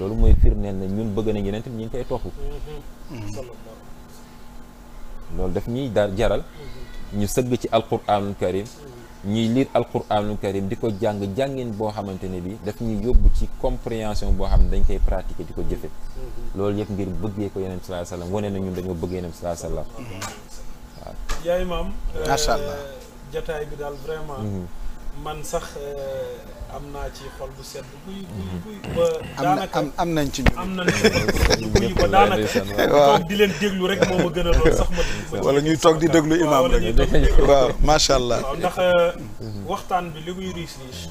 loolu mooy firneel ne ñun bëgg nañ yeneen ñu ngi koy topp loolu daf ñuy dar jaral ñu sëgg ci alquranul karim ñuy lire alquranul karim di ko jàng jàngin boo xamante ne bi daf ñuy yóbbu ci compréhension boo xam ne dañ koy pratiquer di ko jëfe mhm. loolu yëpp ngir bëggee ko yeneen sallallahu alayhi wasallam wane na ñun dañoo bëgg yeneen sallallahu alayhi wasallam waaw yaay maam macha allah euh, jataay bi daal vraiment mhm. man sax euh, am naa ci xol bu sedd buy mm. Mm. am nañ ci ñun am nañ ci buy ba daanaka toog di leen déglu rek gën a lool ma wala ñuy toog di déglu imaam rek waaw macha allah waaw ndax euh, waxtaan bi li muy riis riis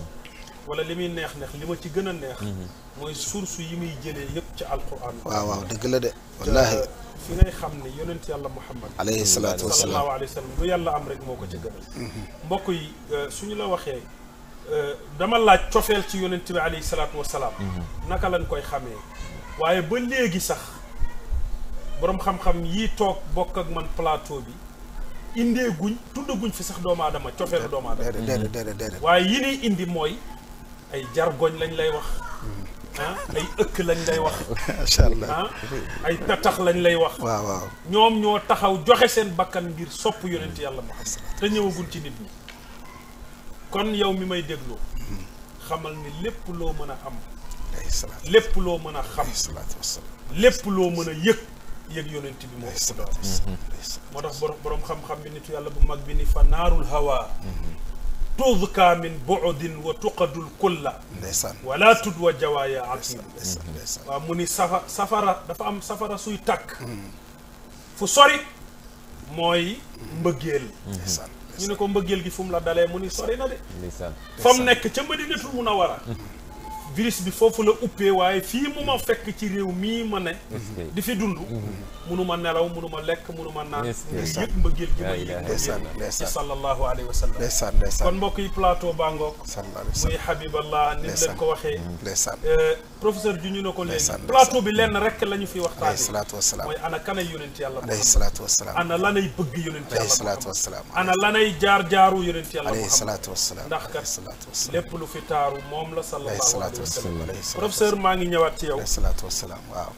wala li muy neex neex li ma ci gën a neex mm-hmm. mooy source yi muy jëlee yëpp ci alquran waaw waaw dëgg la de wallaahi euh, fi ngay xam ne yonent yàlla muhammad alayhi salaatu wasalaam sallallahu alayhi wa sallam lu yàlla am rek moo ko ci gënal mm-hmm. mbokk yi euh, suñu la waxee Euh, dama laaj cofeel ci yonent bi alayhi salaatu wa salaam. Mhm. naka lañ koy xamee. waaye ba léegi sax boroom xam-xam yii toog bokk ak man plateau bi. indee guñ tuddaguñ fi sax doomu aadama cofeelu doomu aadama waaye yi nuy indi mooy ay jargoñ lañ lay wax mm. ah ay ëkk lañ lay wax macha allah ah, ay tatax lañ lay wax waaw waaw ñoom ñoo taxaw joxe seen bakkan ngir sopp yonent yàlla ma te ñëwaguñ ci nit ñi kon yow mi may dégloo xamal ni lépp loo mën a am lépp loo mën a xam lépp loo mën a yëg yëg yonent bi moo ko doon moo tax borom xam-xam bi nitu yàlla bu mag bi ni fa naarul hawa mhm. tuzka min bu'din wa tuqadul kulla wala tudwa jawaaya atiid mhm. waaw mu ni safa safara dafa am safara suy tàkk mhm. fu sori mooy mbëggeel ñu ne ko mbëggeel gi fu mu la dalee mu ni sori na de. fa mu nekk ca Madinatul Munawwara virus bi foofu la uppee waaye fii mu ma fekk ci réew mii ma ne di fi dund mhm. munuma nelaw munuma lekk munuma naan yëpp mbëggeel gi ma yëg ci sallallahu alayhi wa sallam kon mbokk yi plateau bangook muy Habiballah ni leen ko waxee euh, professeur ju ñu ne ko léegi plateau bi lenn rek la ñu fi waxtaanee mooy ana kanay yonent yàlla ana lanay bëgg yonent yàlla ana lanay jaar jaaru yonent yàlla ndax kat lépp lu fi taaru moom la sallallahu professeur maa ngi ñëwaat ci yow. salaatu wasalaam waaw.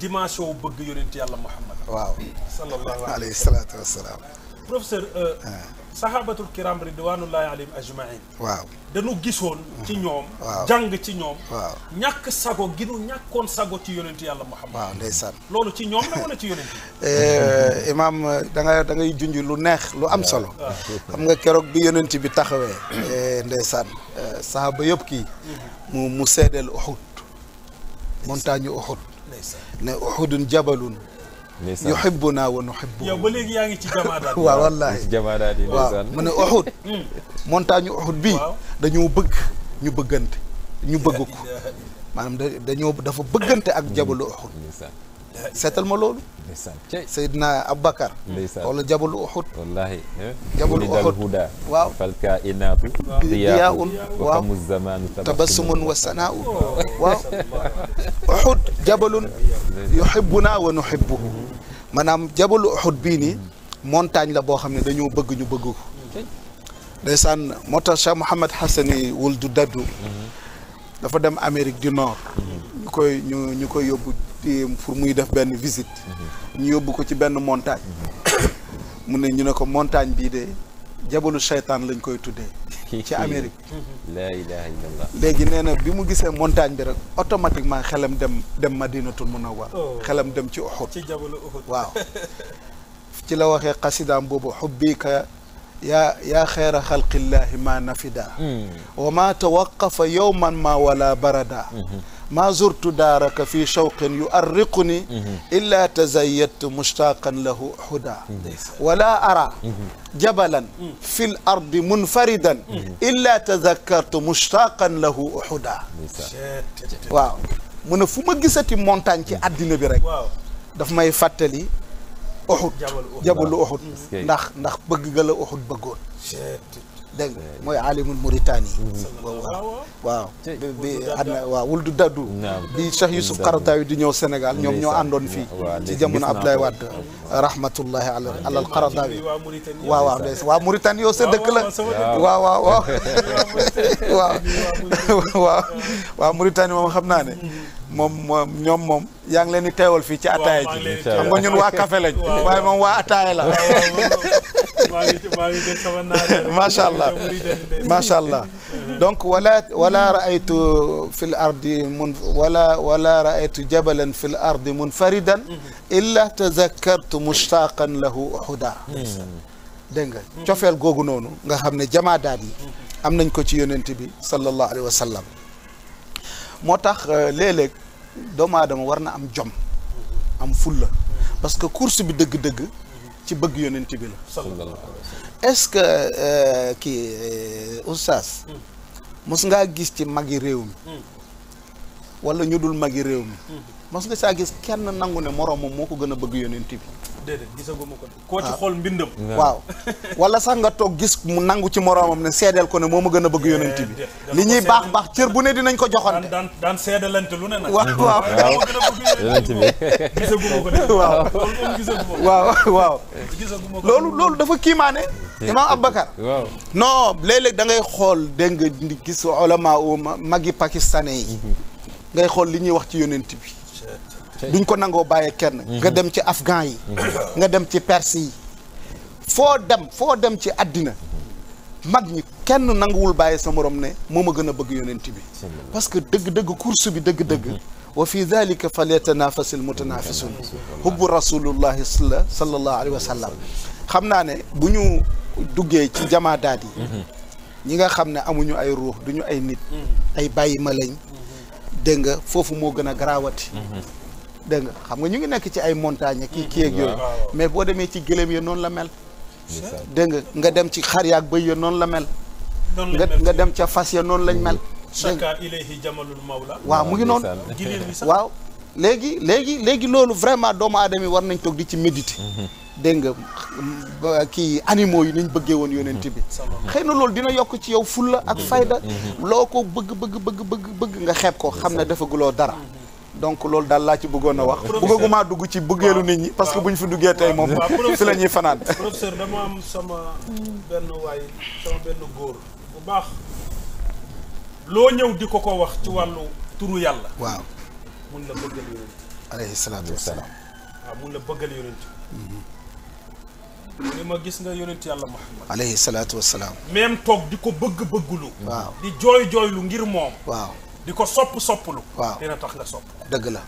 dimension wu bëgg yonent yàlla Muhammad. waaw sallallahu alayhi salaatu wasalaam. professeur. Euh, ah. sahabatul kiram ridwanullahi alayhim ajmain waaw dañu gisoon ci mm-hmm. ñoom jàng ci ñoom waaw ñàkk sago gi nu ñàkkoon sago ci yonent yàlla muhammad waaw ndeysaan loolu ci ñoom la wala ci yonent eh, da ngay junj lu neex lu am solo nga keroog bi yonent bi taxawee eh, ndeysaan eh, sahaba yëpp kii mm-hmm. mu mu seedeel uxud montagne uxud ne uxudun jabalun ndeysaan yuhibbuna wa nuhibbu yow ba léegi yaa ngi ci jamaadaat waaw wallaahi ci jamaadaat yi ndeysaan mu ne Uhud hmm. montagne Uhud bii dañoo bëgg ñu bëggante ñu bëgg ko maanaam dañoo dafa bëggante ak jabalu Uhud seetal ma loolu. ndeysaan Seydina Aboubacar. ndeysaan wala Jabalu Uxud. wallaahi. Eh? Uxud waaw. falka wa xamu Uxud jabalun yuhibbuna wa nuhibbuhu maanaam Jabalu Uxud bii nii montagne la boo xam ne dañoo bëgg ñu bëgg ko. ndeysaan moo tax Cheikh wul du daddu mhm. dafa dem Amérique du Nord. Mhm. ñu koy ñu kii pour muy def benn visite. ñu yóbbu ko ci benn montagne. mu ne ñu ne ko montagne bii de jabalu seytaan lañ koy tuddee. ci Amérique. léegi nee na bi mu gisee montagne bi rek automatiquement xelam dem dem Madinatul Munawwar. Oh. xelam dem ci Uhud. ci jabalu Uhud waaw. la waxe xasidaam boobu xubbika yaa yaa xeera xalqillahi ma nafida hmm. wa ma tawaqafa yowman ma wala barada hmm. ma zurtu daaraka fi shawqin yuarriquni illa tazayadtu mushtaqan lahu huda wala ara jabalan fi l ardi munfaridan illa tazakkartu mushtaqan lahu huda waaw mu ne fu ma gisati montagne ci addina bi rek daf may fàttali Uhud jabalu Uhud ndax ndax bëgg ga la Uhud bëggoon dégg nga mooy alimul Mauritanie. Mm-hmm. waaw ah waaw. bi bi Cheikh Youssouf Qaradawi di ñëw Sénégal ñoom ñoo àndoon fii. ci jamono Abdoulaye Wade. rahmatullahi ala al Qaradawi. waaw waaw waaw Mauritanie yow sa dëkk la. waaw waaw waaw. waaw waaw waaw naa ne. Mm-hmm. moom moom ñoom moom yaa ngi leen di teewal fii ci ataaya ji xam nga ñun waa café waaye moom waa ataaya la macha allah macha allah donc wala wala raaytu fi l ardi mun wala wala raaytu lahu uhuda dégg nga cofeel googu noonu nga xam ne jamaadaat yi am nañ ko ci yonent bi sallallahu alayhi wa moo tax euh, léeg-léeg doomu aadama war na am jom am fulla parce que course bi dëgg-dëgg ci bëgg yonent bi la est-ce que euh, kii euh, oustaz mos ngaa gis ci mag magi réew mi hmm. wala ñu dul magi réew mi hmm. mas nga saa gis kenn nangu ne moroomam moo ko gën a bëgg yonent bi déedéet gisaguma ko ah. koo ci xool mbindam waaw wala sax nga toog gis mu nangu ci moroomam ne seedeel ko ne moo ma gën a bëgg yonent bi li ñuy baax baax bu ne dinañ ko joxante daan daan seedalante lu ne nag waaw waaw yonent bi gisaguma ko de waaw waaw waaw gisaguma ko loolu loolu dafa kiimaane imaam Abubakar waaw non léeg-léeg da ngay xool dégg nga gis ulama u magi pakistanais yi mhm. ngay xool li ñuy wax ci yonent bi duñ ko nangoo bàyyee kenn mhm. nga dem ci afghan yi mhm. nga dem ci perse yi foo dem foo dem ci àddina mag ñi kenn nanguwul bàyyi sa moroom ne moo ma gën a bëgg yonent bi parce que dëgg-dëgg course bi dëgg-dëgg mhm. wa fi dalika falyatanafasil mutanafisun hubbu rasulullahi sala sallallahu alayhi wa sallam xam naa ne bu ñu duggee ci jamaa daat yi ñi nga xam ne amuñu ay ruux duñu ay nit ay bàyyi ma lañ nga foofu moo gën a garaawati dégg nga xam nga ñu ngi nekk ci ay montagne kii kii ak yooyu mais boo demee ci gëléem ya noonu la mel dégg nga nga dem ci xar yaak bëy ya noonu la mel nga nga dem ca fas ya noonu lañ mel chaka mm-hmm. ilayhi jamalul mawla waaw mu ngi noonu waaw léegi léegi léegi loolu vraiment doomu aadam yi war nañ toog di ci médit mm-hmm. dégg nga kii animaux yi nañ bëggee woon yonent bi mm-hmm. xëy na loolu dina yokk ci yow fulla ak fayda loo ko bëgg bëgg bëgg bëgg bëgg nga xeeb ko xam ne defaguloo dara donc loolu daal laa ci bëggoon a wax. maa dugg ci bëggeelu nit ñi. parce que bu ñu fi duggee tey moom. fi la ñuy fanaan. professeur dama am sama benn waay sama bu baax. loo ñëw di ko ko wax ci wàllu turu yàlla. waaw mun la bëggal yonent. alayhi salaatu la bëggal mhm. ma gis nga yonent yàlla Muhammad. alayhi salaatu wa salaam. même toog di ko bëgg bëggulu. waaw di jooy jooylu ngir moom. waaw. di ko sopp sopplu waaw dina tax nga sopp dëgg la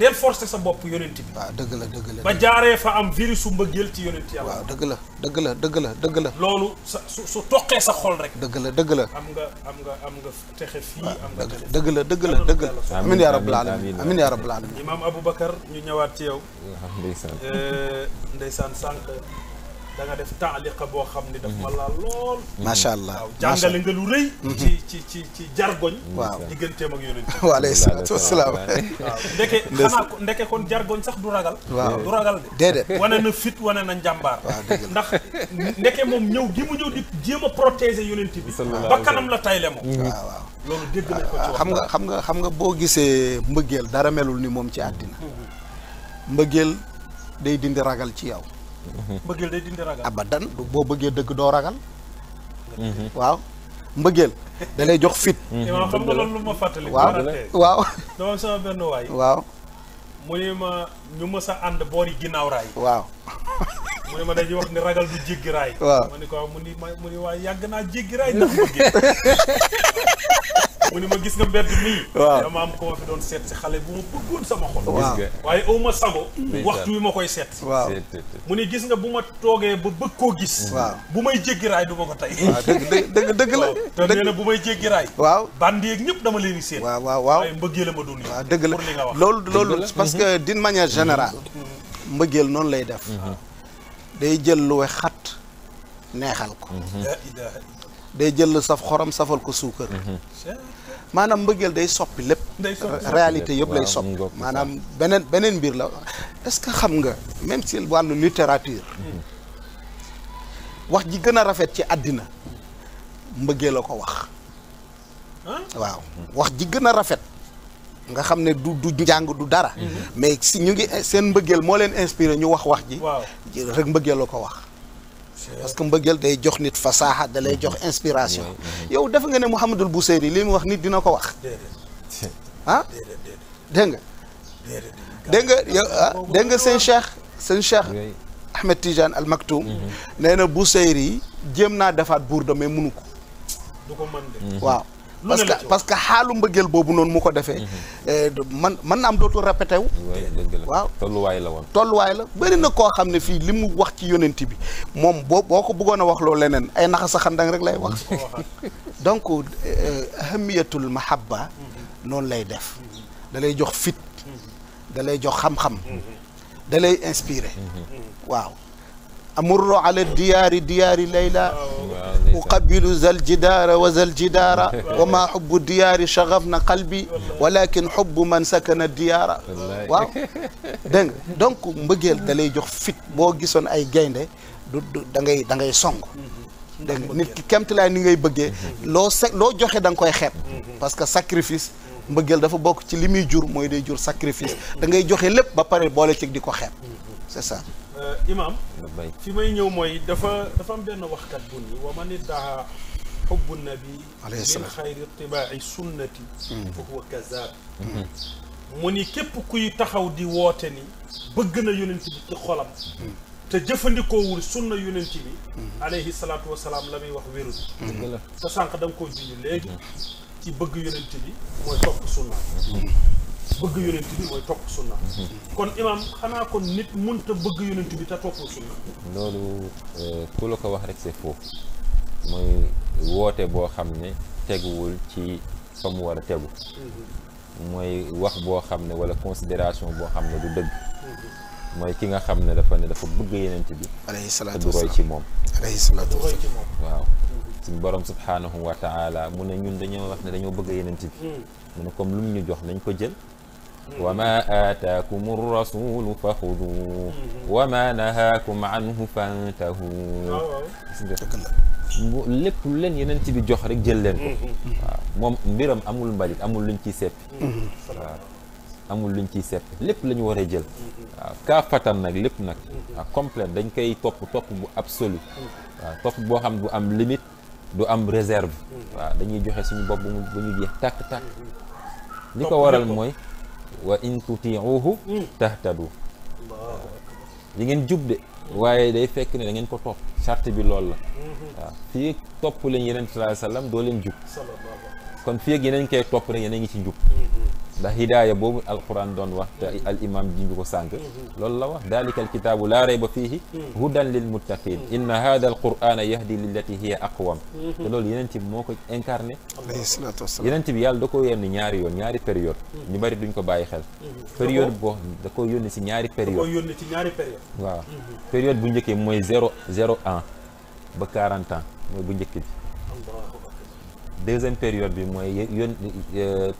del force sa bopp yonent bi waaw dëgg la dëgg la ba jaaree fa am virusu mbëggeel ci yonent yàlla dëgg la dëgg la dëgg la dëgg la loolu sa su su toqee sa xol rek dëgg la dëgg la am nga am nga am nga texe fii am nga dëgg la dëgg la dëgg la amin yaa rabbal alamin amin yaa rabbal alamin imaam Aboubacar ñu ñëwaat ci yow ndeysaan euh, ndeysaan sànq da def taaliqa boo xam ni daf ma laal lool. macha allah waaw jàngale nga lu rëy. ci ci ci ci jargoñ. waaw digganteem ak yonent bi. waaleyhi salaatu wa salaam. waaw sax du ragal. waaw du ragal de. wane na fit wane na njàmbaar. ndax ndeke moom ñëw gi mu ñëw di jéem a protéger yonent bi. ba kanam la mm-hmm. waaw waaw loolu dégg nañ ko ci xam nga xam nga xam nga boo gisee mbëggeel dara melul ni moom ci àddina mm-hmm. mbëggeel day dindi ragal ci yow. mbëggeel day dindi ragal abadan boo bëggee dëgg doo ragal. Mm-hmm. waaw mbëggeel da jox fit. Mm-hmm. xam loolu lu ma fàttali. waaw waaw dama sama waaw. mu ne ma ñu mës ànd boor yi ginnaaw raay. waaw. mu ne ma dañuy wax ni ragal du jéggi raay. waaw ma ne ko mu ni ma mu ni waaye yàgg naa jéggi raay ndax mbëggeel. mu ni ma gis nga mbedd mii. waaw dama am koo fi seet si xale bu ma sama xol. waaw waaye aw ma sago. waxtu wi ma koy seet. waaw mu ne gis nga bu ma toogee ba bëgg koo gis. waaw bu may jéggi raay du ma ko tey. waaw dëgg dëgg la. dëgg te bu may jéggi waaw bandi yeeg ñëpp dama leen di seet. waaw waaw la ma doon waaw dëgg la pour nga wax loolu loolu parce que mm-hmm. d'une manière générale. Mm-hmm. mbëggeel noonu lay def. Mm-hmm. day jël lu we xat neexal ko. day jël saf xorom safal ko suukar. maanaam mbëggeel day soppi lépp réalité yëpp lay soppi maanaam beneen beneen mbir la est-ce que xam nga même si wàllu littérature wax ji gën a rafet ci àddina mbëggeel la ko wax waaw wax ji gën a rafet nga xam ne du du njàng du dara mhm. mais si ñu ngi seen mbëggeel moo leen inspiré ñu wax wax ji rek mbëggeel la ko wax parce que mbëggeel day jox nit fasaaxa da jox inspiration yow dafa nga ne Mouhamadul Bouseyri li mu wax nit dina ko wax ah? ah dégg nga dégg nga yow dégg nga seen cheikh seen cheikh Ahmed Tidiane Al Maktoum mhm. nee na Bouseyri jéem naa defaat buur de mais munu mën de waaw parce que parce que xaalu mbëggeel boobu noonu mu ko defee. Mhm. Eh, man man am dootul répété wu. waaw tolluwaay la woon. tolluwaay la bëri na koo xam ne fii li mu wax ci yonent bi moom boo boo ko bëggoon a wax loolu leneen ay naxa sa xandang rek lay wax. Mhm. donc eh, ahamiyatul mahabba mhm. noonu lay def. da lay jox fit. da lay jox xam-xam. da lay inspiré. waaw. amurru ala diyaari diyaari layla uqabilu zal jidaara wa zal jidaara wa ma xubbu diyaari shagaf na qalbi walakin xubbu man sakana diyaara waaw dégg nga donc mbëggeel da lay jox fit boo gisoon ay gaynde du da ngay da ngay song dégg nga nit ki kemtalaay ni ngay bëggee loo sa joxe da nga koy xeeb parce que sacrifice mbëggeel dafa bokk ci li muy jur mooy day jur sacrifice da ngay joxe lépp ba pare boole ci di ko xeeb c'est ça Euh, imaam ci may ñëw mooy dafa dafa am benn waxkat bu ni wa man iddaa xubbu nabi min xayri itibaa'i sunnati hmm. fa huwa kazaab hmm. mu ni képp kuy taxaw di woote ni bëgg na yonent bi ci xolam hmm. te jëfandikoowul sunna yonent bi alayhi salaatu wasalaam la muy wax wérul te sànq da nga koo junj léegi ci bëgg yonent bi mooy topp sunna bëgg yonent bi mooy topp sunna kon imaam xanaa kon nit mënta bëgg yonent bi te toppul sunna loolu euh, ku la ko wax rek c'est foofu mooy woote boo xam ne teguwul ci fa mu war a tegu mm-hmm. mooy wax boo xam ne wala considération boo xam ne du dëgg mm-hmm. mooy ki nga xam ne dafa ne dafa bëgg yenent bi te du roy ci moom alayhi salaatu wasalaam mm-hmm. borom subhaanahu wa taala mu ne ñun dañoo wax ne dañoo bëgg yenent bi mm. mu ne comme lu mu ñu jox nañ ko jël وما آتاكم الرسول فخذوه ma نهاكم عنه فانتهوا lépp leen yeneen ci bi jox rek jël leen ko mm-hmm. moom mbiram amul mbalit amul luñ ciy seppi mm-hmm. luñ ciy seppi lépp lañu ñu war jël mm-hmm. waaw kaa fatan nag lépp nag waaw dañ koy topp topp bu absolu waaw topp boo xam du am limite du am réserve dañuy joxe suñu bopp bu mu ñu jeex tàkk tàkk li ko waral mooy wa in tutiuhu mm. tahtadu di ngeen jub de waaye day fekk ne da ngeen ko topp charte bi lool la mm-hmm. waaw fii topp leen yeneen sa alayhi wa sallam doo leen jub kon fii ak yeneen koy topp rek yeneen ngi ci njub mm-hmm. ndax hidaaya boobu alquran doon wax te al imam jinju ko sànq loolu la wax dalika alkitaabu laa rayba fiihi hudan lil muttaqin inna hada alqurana yahdi lillati hiya aqwam te loolu yenent bi moo ko incarné alayhi salaatu wasalaam yenent bi yàlla da ko yónni ñaari yoon ñaari période ñu bari duñ ko bàyyi xel période boo da ko yónni si ñaari période da ko si ñaari période waaw période bu njëkkee mooy zéro zéro an ba quarante mooy bu njëkk bi deuxième période bi mooy yoon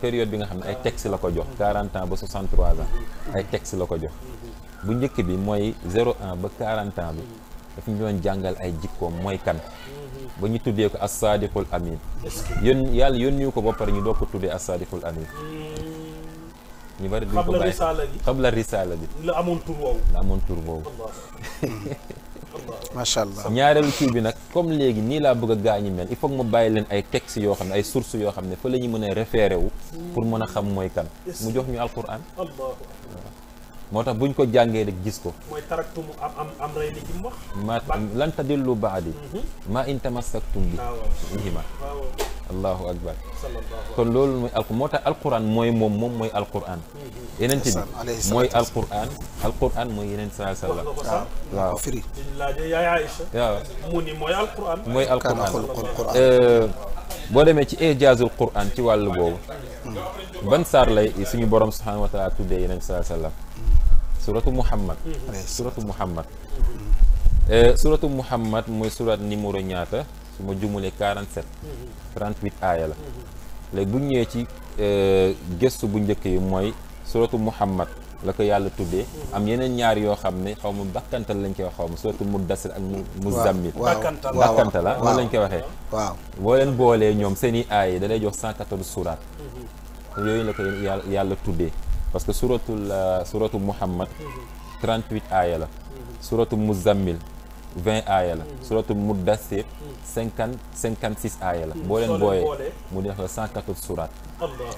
période bi nga xam ne ay texte la ko jox 40 ans ba 63 ans ay texte la ko jox bu njëkk bi mooy 01 ba 40 ans bi daf ñu doon jàngal ay jikkoom mooy kan ba ñu tuddee ko as-sadiqul amin yón yàlla yoon ñu ko ba pare ñu doo ko tuddee as-sadiqul amin ñu bari duñ ko bàyyi xabla risaala bi la amoon tuur boobu macha allah ñaareelu kii bi nag comme léegi nii laa bëgg a gaa ñi mel il faut que leen ay textes yoo xam ne ay sources yoo xam ne fa la ñu mën a référé wu. pour mën a xam mooy kan. mu jox ñu alquran. moo tax buñ ko jàngee rek gis ko. mooy ma lan tadillu baadi. Mhm. ma in tamassaktum bi. bihima allahu akbar kon loolu mooy alqur moo tax mooy moom moom mooy alquran. Mhm. yeneen ci bi mooy alquran. alquran mooy yeneen saa sallam. waaw waaw firi. waaw mu ni mooy alquran. mooy alquran euh, boo demee ci ijaazul quran ci wàllu boobu. ban saar lay suñu borom subhaanahu wa taala tuddee yeneen saa sallam. suratu muhammad mm-hmm. suratu muhammad euh, suratu muhammad mooy surat numéro ñaata su ma jumulee 47 38 mm-hmm. aaya la mm-hmm. léegi bu ñëwee ci euh, gëstu bu njëkk yi mooy suratu muhammad la ko yàlla tuddee am yeneen ñaar yoo xam ne xaw ma bakkantal lañ koy wax xaw ma suratu muddasir ak mu muzammil bakkanta la ah, noonu lañ koy waxee waaw boo leen boolee ñoom seen i aaya yi da jox 114 surat yooyu la ko yàlla tuddee parce que suratul euh, suratu Muhammad 38 aaya la suratu Muzammil 20 aaya la suratu Muddassir 50 56 aaya la boo leen booyee mu def 114 surat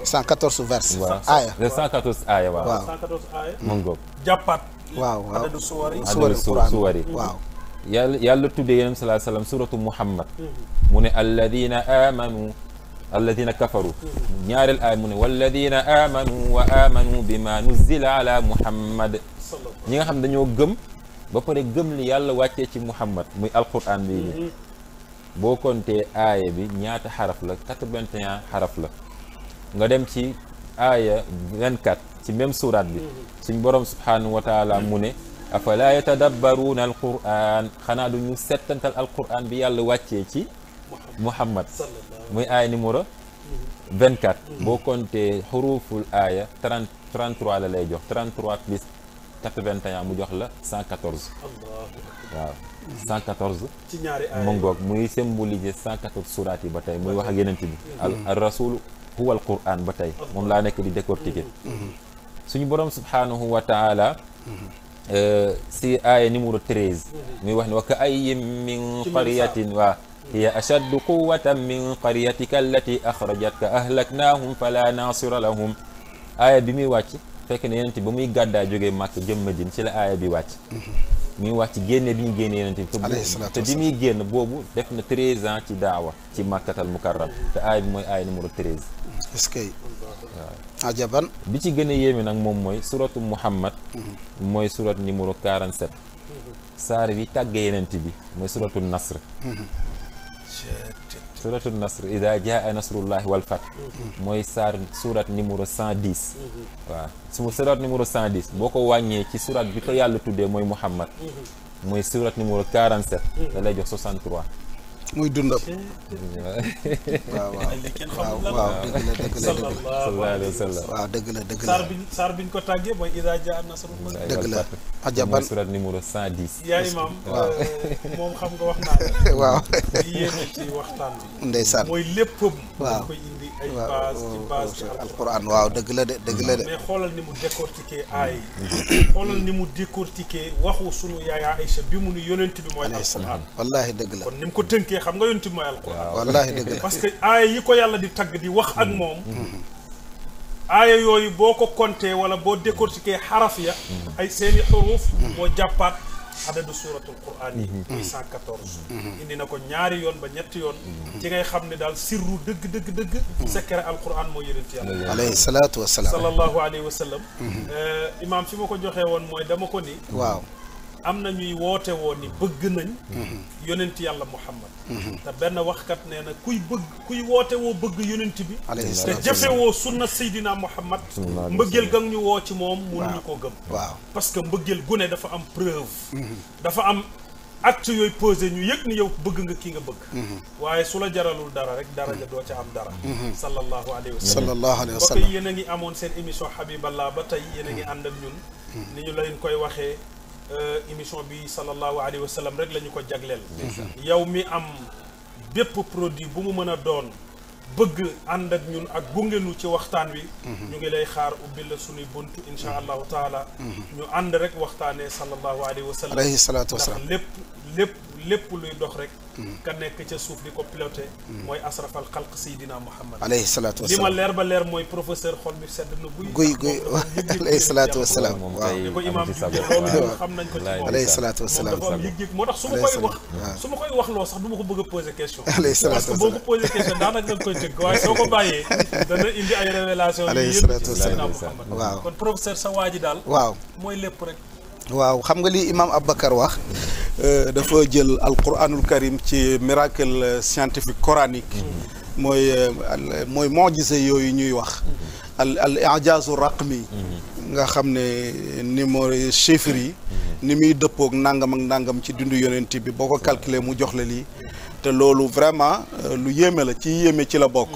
114 vers aaya 114 aaya waaw 114 aaya mu ngoog jàppaat waaw waaw adadu suwari suwari waaw yàlla yàlla tuddee yeneen salaa salaam suratu Muhammad mm-hmm. mu ne alladina amanu alladina kafaru ñaareel aay mu ne walladina amanu wa amanu bima nuzila ala muhammad ñi nga xam dañoo gëm ba pare gëm li yàlla wàccee ci muhammad muy alquran bii ni mm-hmm. boo kontee aaya bi ñaata xaraf la 81 xaraf la nga dem ci aaya 24 ci même suuraat bi mm-hmm. suñ borom subhanahu wa taala mm-hmm. mu ne afala yatadabbaruuna alquran xanaa duñu settantal alquran bi yàlla wàccee ci muhammad muy aaya numéro 24 mm-hmm. boo compté xuruful aaya 30 33 la lay jox 33 plus 81 mu jox la 114 waaw 114 ci ñaari aaya mu ngoog muy symboliser 114 suraat yi ba tey muy wax a yeneen bi mm-hmm. al rasul huwa al quran ba tey moom laa nekk di décortiquer mm-hmm. suñu borom subhanahu wa taala euh, si aaya numéro 13 muy wax ne wa ka ayyin min qaryatin hiya ashaddu quwwatan min qaryatika allati akhrajatka ahlaknahum fala nasira lahum aaya bi muy wàcc fekk na yonent ba muy gàddaa jógee Màkka jëm Madina ci la aaya bi wàcc mhm. muy wàcc génne bi ñu génne yonent bi te bi muy génn boobu def na treize ans ci daawa ci màkkatal mukarram te aaya bi mooy aaya numéro treize est-ce que waaw ajaban bi ci gën a nag moom mooy suratu Muhammad mhm. mooy surat numéro quarante-sept mhm. saar bi tàgge yonent bi mooy suratu Nasr suratul nasr ida jaa nasrullahi wal fath mooy saar surat cent 110 waa su surat numéro 110 boo ko wàññee ci surat bi ko yàlla tuddee mooy muhammad mooy surat numéro 47 da lay jox 63 muy dundam. waaw waaw waaw dëgg la dëgg la dëgg la. waaw dëgg la dëgg la. saar biñ ko tàggee mooy Iza jaa nasrullahi. dëgg la ajaban surat euh, moom xam nga wax naa la. waaw. yéen ci waxtaan mooy léppam. waaw. ay base ci base ci alquran waaw dëgg la de dëgg la de. mais xoolal ni mu décortiquer aay mm-hmm. yi. xoolal ni mu décortiquer waxu sunu yaaya Aïcha bi mu ni yonent bi mooy alquran. wallaahi dëgg la kon ni mu ko tënkee xam nga yonent bi mooy alquran. wallaahi dëgg la parce que aay yi ko yàlla di tagg di wax ak mm-hmm. moom. Mm-hmm. aaya yooyu boo ko compté wala boo décortiquer xaraf ya. ay seeni xuruuf. moo jàppaat. adadu suuratul quraan yi. 814. Mhm. Mhm. indi na ko ñaari yoon ba ñetti yoon. Mhm. ci ngay xam ne daal sirru dëgg dëgg dëgg. secret alquran moo yonent yàlla. alayhi salaatu wa salaam. sallallahu alayhi wa sallam. Euh, imaam fi ma ko joxee woon mooy dama ko ni. waaw. am na ñuy woote woo ni bëgg nañ mhm. yonent yàlla muhammad mhm. te benn wax waxkat nee na kuy bëgg kuy woote woo bëgg yonent bi te jëfe woo sunna seydina muhammad mbëggeel gam ñu woo ci moom mënuñu ko gëm waaw parce que mbëggeel gune dafa am preuve mhm. dafa am acte yooyu posé ñu yëg ni yow bëgg nga ki nga bëgg waaye su la jaralul dara rek dara ja doo ca am dara sallallahu alayhi wa sallam bokk yéen a ngi amoon seen émission Habiballah ba tey yéen ngi ànd ak ñun ni ñu leen koy waxee Euh, émission bi sallallahu alayhi wa sallam rek lañu ko jagleel. yow mi am bépp produit bu mu mën a doon bëgg ànd ak ñun ak gungenu ci waxtaan wi. Mhm. ñu ngi lay xaar ubbil la suñuy bunt incha mhm. allahu taala. Mhm. ñu ànd rek waxtaanee sallallahu alayhi wa sallam. alayhi salaatu wa salaam ndax lépp lépp lépp luy dox rek. ka nekk ca suuf di ko piloté mooy asrafal xalq Seydina Muhammad alayhi salaatu wa salaam li ma leer ba leer mooy professeur xol bi sedd na guy guy guy alayhi salaatu wa salaam waaw li ko imaam xam nañ ko ci alayhi salaatu wa salaam dafa am yëg a posé question waaw sa waa ji daal waaw mooy lépp rek waaw xam nga li imam Aboubacar wax euh, dafa jël alquranul karim ci miracle euh, scientifique coranique mm-hmm. mooy euh, mooy mojise yooyu ñuy wax mm-hmm. al al raq mi mm-hmm. nga xam ne numéro chiffre yi ni muy dëppook nangam ak nangam ci dundu yonent bi boo ko calculer mu jox la lii te loolu vraiment lu yéeme la ci yéeme ci la bokk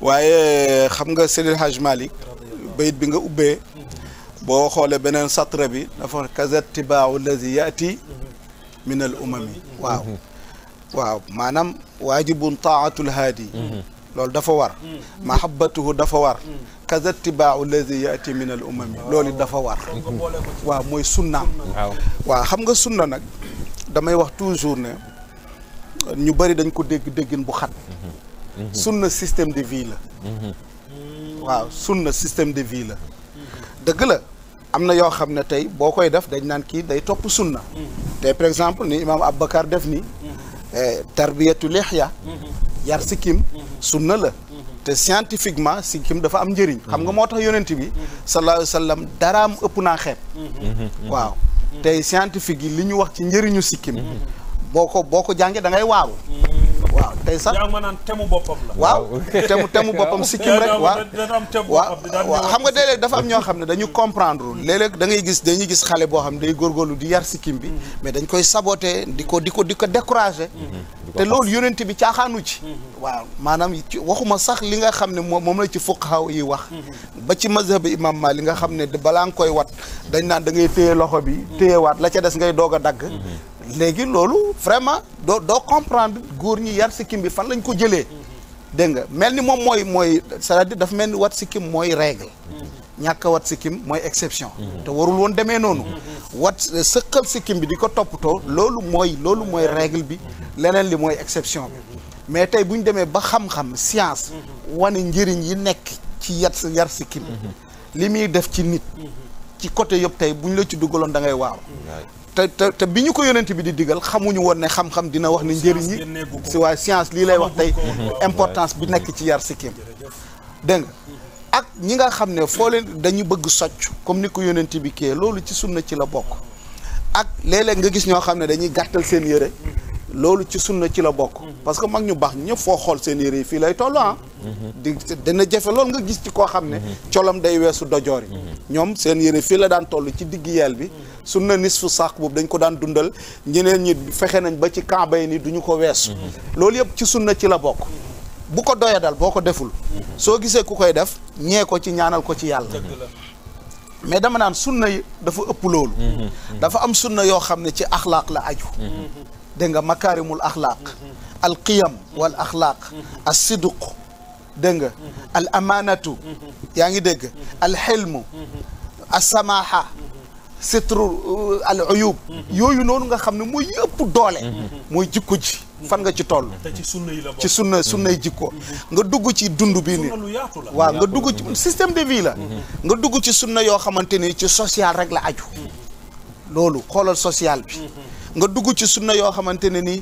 waaye xam nga Seydil Hajj Malick bayit bi nga ubbee boo xoolee beneen satre bi dafa kaza tibaahu lazi yati min al umami waaw waaw maanaam waajibun taatul haadi loolu dafa war mahabbatuhu dafa war kaza tibaahu lazi yati min al umami loolu dafa war waaw mooy sunnaam waaw xam nga sunna nag damay wax toujours ne ñu bëri dañ ko dégg déggin bu xat mhm. Mhm. sunna système de vie la mhm. waaw sunna système de vie la dëgg la am na yoo xam ne tey boo koy def dañ naan kii day topp sunna te par exemple ni imaam Aboubacar def ni eh, tarbiyatu lihya yar sikkim sunna la te scientifiquement sikkim dafa am njëriñ xam nga moo tax yonent bi sallallahu alayhi wa sallam daraam ëpp naa xeet waaw tey scientifique yi li ñu wax ci njëriñu sikkim boo ko boo ko jàngee da ngay waaru waaw tey sax yaa ma naan boppam waaw temu temu boppam sikkim rek. waaw waaw xam nga léeg-léeg dafa am ñoo xam ne dañu comprendre léeg-léeg da gis dañuy gis xale boo xam ne day góorgóorlu di yar sikkim bi mm-hmm. mais dañ koy saboté di ko di ko di ko mm-hmm. Mm-hmm. te loolu yonent bi caaxaanu ci waaw maanaam waxuma sax li nga xam ne moom moom la ci xaw yi wax ba ci mazhab imam Maalik li nga xam ne balaa nga koy wat dañ naan da ngay téye loxo bi téyewaat la ca des ngay doog a dagg léegi loolu vraiment doo doo comprendre góor ñi yar sikkim bi fan lañ ko jëlee. Mm-hmm. dégg nga mel ni moom mooy mooy sa à dire dafa mel ni wat sikkim mooy règle. Mm-hmm. ñàkk a wat sikkim mooy exception. Mm-hmm. te warul woon demee noonu. wat euh, sëqal sikkim bi di ko toppatoo loolu mooy loolu mooy règle bi leneen li mooy exception bi mais tey bu ñu demee ba xam-xam science. wane njëriñ yi nekk ci yat yar sikkim. li muy def ci nit. ci côté yëpp tey bu ñu la ci dugaloon da ngay waaw te te te bi ñu ko yonent bi di digal xamuñu woon ne xam-xam dina wax ne njëriñ yi si waa science lii lay wax tey importance bi nekk ci yar sikkim dégg nga ak ñi nga xam ne foo leen dañu bëgg socc comme ni ko yonent bi kii loolu ci sunna ci la bokk ak léeg-léeg nga gis ñoo xam ne dañuy gàttal seen yére loolu ci sunna ci la bokk. Mhm. parce que mag ñu baax ñëpp foo xool seen yére yi fii lay toll ah. Mhm. di dana jafe loolu nga gis ci koo xam ne. Mhm. colom day weesu dojoor yi. ñoom seen yére fii la daan toll ci digg yeel bi. sunna nisfu saak boobu dañ ko daan dundal ñeneen ñi fexe nañ ba ci kaaba yi ni duñu ko weesu. loolu yëpp ci sunna ci la bokk. bu ko doya dal boo ko deful. soo gisee ku koy def ñee ko ci ñaanal ko ci yàlla. mais dama naan sunna yi dafa ëpp loolu. dafa am sunna yoo xam ne ci axlaaq la aju. dégg nga makaarimul axlaaq mm-hmm. al qiyam wal axlaaq mm-hmm. as sidq dégg nga mm-hmm. al amaanatu yaa ngi dégg al xilmu as samaaxa sitru uh, al uyub yooyu noonu nga xam ne mooy yëpp doole mooy jikko ji fan nga ci toll ci sunna yi la ci sunna sunnay jikko nga dugg ci dund bii ni waaw nga dugg ci système de vie la nga dugg ci sunna yoo xamante ni ci social rek la aju loolu xoolal social bi nga dugg ci sunna yoo xamante ne ni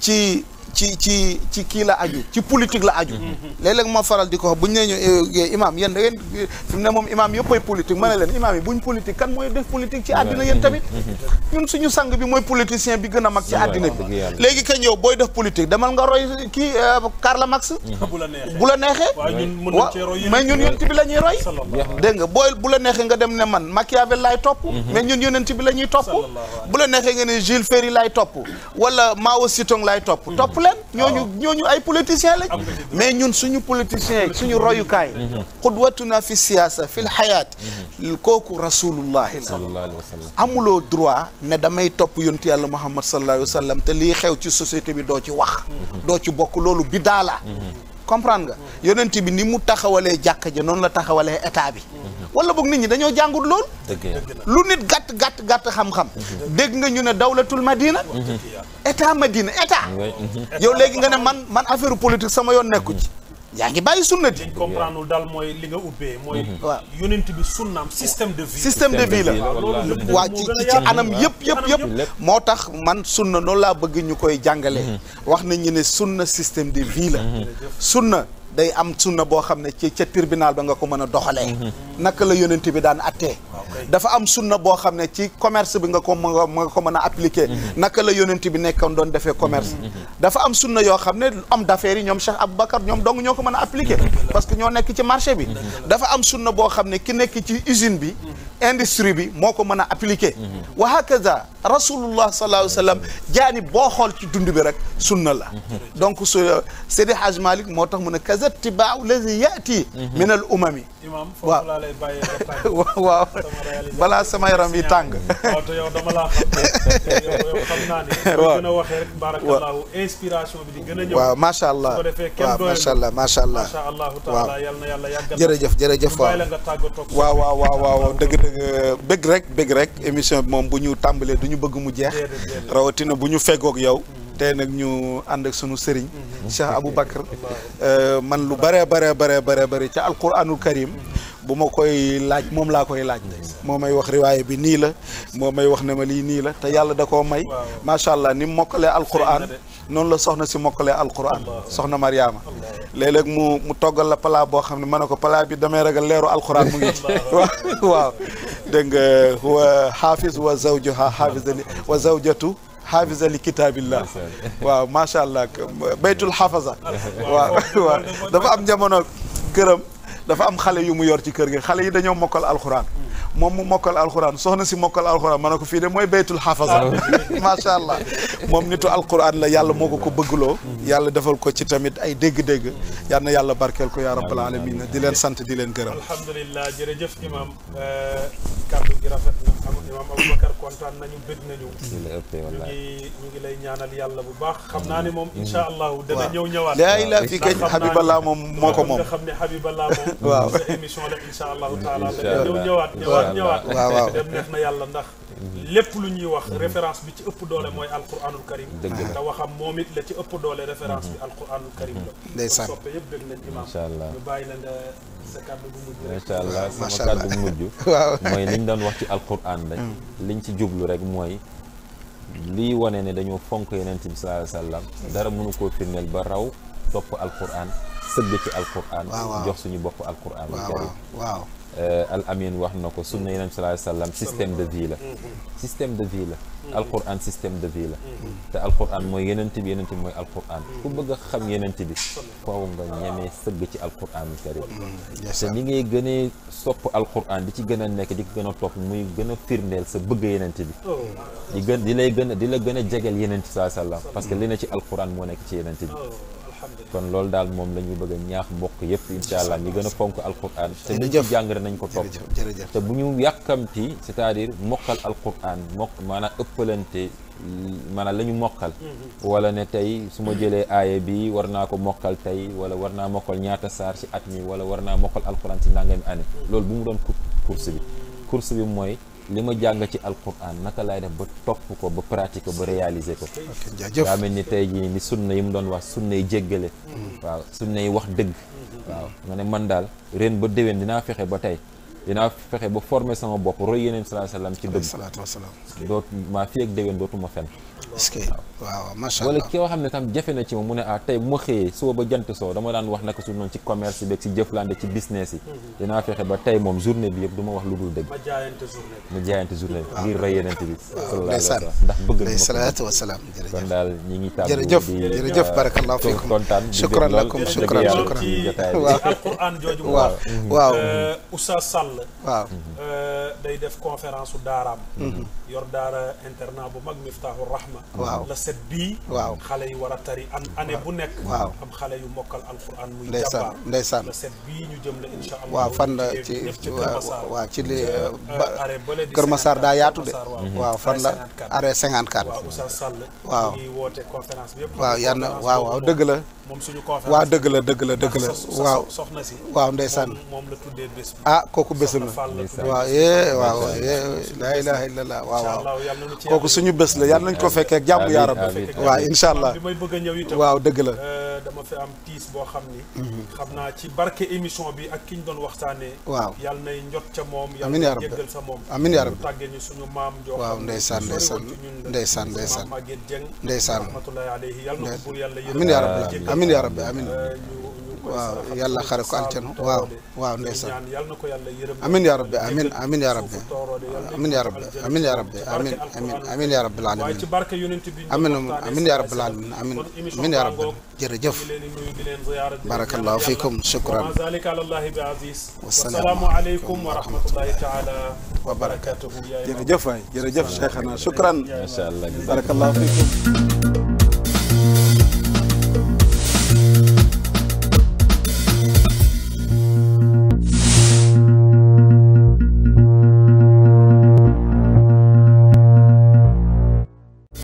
ci ci ci ci kii la aju ci politique la aju léeg-léeg ma faral di ko wax bu ñu nee ñu eh, eh, imaam yéen da mu ne moom imaam yëppay politique ma ne leen imaam yi buñ politique kan mooy def politique ci àddina yéen tamit mm-hmm. ñun suñu sang bi mooy politicien bi gën a mag ci àddina bi léegi kañ yow booy def politique demal nga roy kii euh, Karl Marx mm-hmm. bu la neexee waaw mais ñun yonent bi la ñuy roy dégg nga booy bu la neexee nga dem ne man Machiavel laay topp mm-hmm. mais ñun yonent bi la ñuy topp bu la neexee nga ne Jules Ferry laay topp wala Mao Zedong laay topp topp leen oh. ñooñu ñooñu ay politiciens lañ mais ñun suñu politiciens suñu royukaay xudwatuna mm-hmm. mm-hmm. fi siyaasa fi mm-hmm. l xayaat kooku rasulullahi la amuloo droit ne damay topp yontu yàlla muhammad sallallahu alayhi wa sallam te lii xew ci société bi doo ci wax doo ci bokk loolu bidaa la comprendre nga yonent bi ni mu taxawalee jàkka ja noonu la taxawalee état bi wala boog nit ñi dañoo jàngut lool lu nit gàtt gàtt gàtt xam-xam dégg nga ñu ne dawlatul madina état madina état yow léegi nga ne man man affaire politique sama yoon nekku ci yaa ngi bàyyi sunna di. comprendre daal mooy li nga ubbee. mooy mhm. yonent bi sunnaam système de vie. système de vie la waa ci ci anam yëpp yëpp yëpp. moo tax man sunna noonu laa bëgg ñu koy jàngale mhm. wax nañu ne sunna système de vie la. Mhm. sunna day am sunna boo xam ne ci ca tribunal ba nga ko mën a doxalee mhm. naka la yonent bi daan attee dafa am sunna boo xam ne ci commerce bi nga ko nga ko mën a appliquer mhm. naka la yonent bi nekkoon doon defee commerce mhm. dafa am sunna yoo xam ne homme d'affaires ñoom ñoom Cheikh Aboubacar ñoom dong ñoo ko mën a appliqué parce que ñoo nekk ci marché bi dafa am sunna boo xam ne ki nekk ci usine bi industrie bi moo ko mën a appliquer wa hakaza rasulullah sallallahu alayhi wa sallam jaani boo xool ci dund bi rek sunna la mhm. donc su Seydi Hajj Malick moo tax mu ne kaza tibaaw lazi yaati mhm. min al umami imam foofu laa waaw balaa sama yaram yi tàng. waaw te yow bi waaw macha allah su macha allah macha allah. yàlla yàggal. jërëjëf jërëjëf waaw la nga waaw waaw dëgg dëgg bëgg rek bëgg rek émission bi moom bu ñu tàmbalee du ñu bëgg mu jeex. rawatina bu ñu feggoog yow. te nag ñu ànd ak sunu sëriñ mhm. Cheikh Aboubacar euh, man lu bare bare bare bare bare ca alquranul karim bu ma koy laaj moom laa koy laaj moo may wax riwaaye bi nii la moo may wax ne ma lii nii la te yàlla da koo may macha allah ni mokkalee alquran noonu la soxna si mokkalee alquran soxna Mariama léeg-léeg mu mu toggal la palaa boo xam ne ma ne ko palaa bi damay rek leeru alquran mu ngi ci waaw dégg nga wa xaafis wa zawjuha xaafis wa zawjatu xaafisa li kitaabillah waaw macha allah baytul xaafasa waaw waaw dafa am jamono këram dafa am xale yu mu yor ci kër gi xale yi dañoo mokkal alxuraan moom mu mokkal alquran soxna si mokkal alquran ma ne ko fii de mooy baytul xaafasa ah. macha allah moom nitu alquran la yàlla moo ko ko bëggloo yàlla defal ko ci tamit ay dégg-dégg yal na yàlla barkeel ko yaa rabbal alamin di leen sant di leen gërëm alhamdulilah jërëjëf imam eh, kàddu gi rafet na am imam aboubacar kontaan nañu bëgg nañu ñu ngi ñu lay ñaanal yàlla bu baax xam naa ne moom incha allahu dana ñëw ñëwaat laa ilaa fii kañ habiballah moom moo ko moom xam ne habiballah moom waaw sa émission ñëw ñëwaat ñëwaat ñëwaat waaw waaw neex na yàlla ndax lépp lu ñuy wax mm-hmm. référence bi ci ëpp doole mooy alquranul karim te waxam moom it la ci ëpp doole référence bi mm-hmm. alquranul karim la mm-hmm. ndeysaan soppe yëpp bëgg nañ bàyyi la nga sa kàddu bu mujj incha allah sama kàddu doon wax ci alquran dañ mm. liñ ci jublu rek mooy lii wane ne dañoo fonk yonent bi sallallahu alayhi wasallam dara mënu koo firndeel ba raw topp alquran sëgg ci alquran jox suñu bopp alquran waaw waaw Euh, al amin wax na ko sunna yeneen sallallahu alayhi wasallam système de vie la système de vie la mm-hmm. alquran système de vie la mm-hmm. Mm-hmm. te alquran mooy yenent bi yenent bi mooy alquran ku bëgg a xam yenent bi foofu nga ñemee sëgg ci alquranul karim te ni ngay gënee sopp alquran di ci gën a nekk di gën a topp muy gën a firndeel sa bëgg yenent bi oh. di gën di lay gën a di la gën a jegeel yenent sallallahu alayhi wasallam parce que li na ci alquran moo nekk ci yenent bi oh. kon loolu daal moom la ñuy bëgg a ñaax mbokk yépp incha allah ñu gën a fonk alquran te li ci nañ ko topp te bu ñu yàkkamti c'est-à-dire mokkal alquran mokk maanaam ëppalante maanaam la ñu mokkal mm-hmm. wala ne tey su ma jëlee aaya bi war naa ko mokkal tey wala war naa mokkal ñaata saar ci at mi wala war naa mokkal alquran ci nangami année mm-hmm. loolu bu mu doon course bi course bi mooy li ma jàng ci alquran naka laay def ba topp ko ba pratiquer ba réaliser ko daa mel ni tey jii ni na yi mu doon wax sunna yi jéggale mm-hmm. waaw sunna yi wax dëgg mm-hmm. waaw nga ne man daal ren ba déwén dinaa fexe ba tey dinaa fexe ba forme sama bopp roy yeneen salaa salaam ci dëgg doot maa fi ak déwén dootuma fen est-ce que waaw macha allah wala na ci moom mu ne ah tey bu ma xëyee suba ba jant soo dama daan wax naka mhm. ba tey moom journée bi yëpp du ma wax lu dul dëgg. ma jaayante journée bi ma jaayante journée bi. ngir rey yeneen bi. waaw ndeysaan ndax bëgg na waaw waaw mhm. waaw euh, euh, day def conférence u daaraam mhm. yor daara internat bu mag Miftaahu Rahma waaw la set bii waaw xale yi war a tari an année bu nekk waaw am xale yu mokkal alquran muy ndeysaan ndeysaan la set bii ñu jëm la insha allah waaw fan la ci waaw ci li euh, euh, Kër Massar daa yaatu de waaw fan la arrêt 54 waaw Oustaz Sall waaw ngi woote conférence bi yëpp waaw yal na waaw waaw dëgg la moom suñu conférence waaw dëgg la dëgg la dëgg la waaw soxna si waaw moom la tuddee bés bi ah kooku bésam la waaw yee eh, waaw yee eh, laa ilaha bés la yal nañ ko fekke fekk jàmm yaaram waaw incha allah bëgg a waaw dëgg la euh, dama fi am tiis boo xam ni mhm. xam naa ci barke émission bi ak ki ñu doon waxtaanee waaw yàlla nay njot ca moom yàlla nay jéggal sa moom amin yaa rabbi tàggee ñu suñu maam joo waaw ndeysaan ndeysaan ndeysaan ndeysaan Maguette Dieng ndeysaan rahmatullahi alayhi yàlla na ko buur yàlla yërëm amin yaa rabbi amin amin waaw yàlla xare ko aljana waaw waaw ndeysaan amin yaa rabbi amin amin yaa rabbi amin yaa rabbi amin yaa rabbi amin amin amin yaa rabbil alamin amin amin yaa rabbil alamin amin amin yaa rabbi jërëjëf barakallahu fikum shukran wasalaamu aleykum wa rahmatullahi taala wa barakatuhu jërëjëf waay jërëjëf cheikhana shukran macha allah barakallahu fikum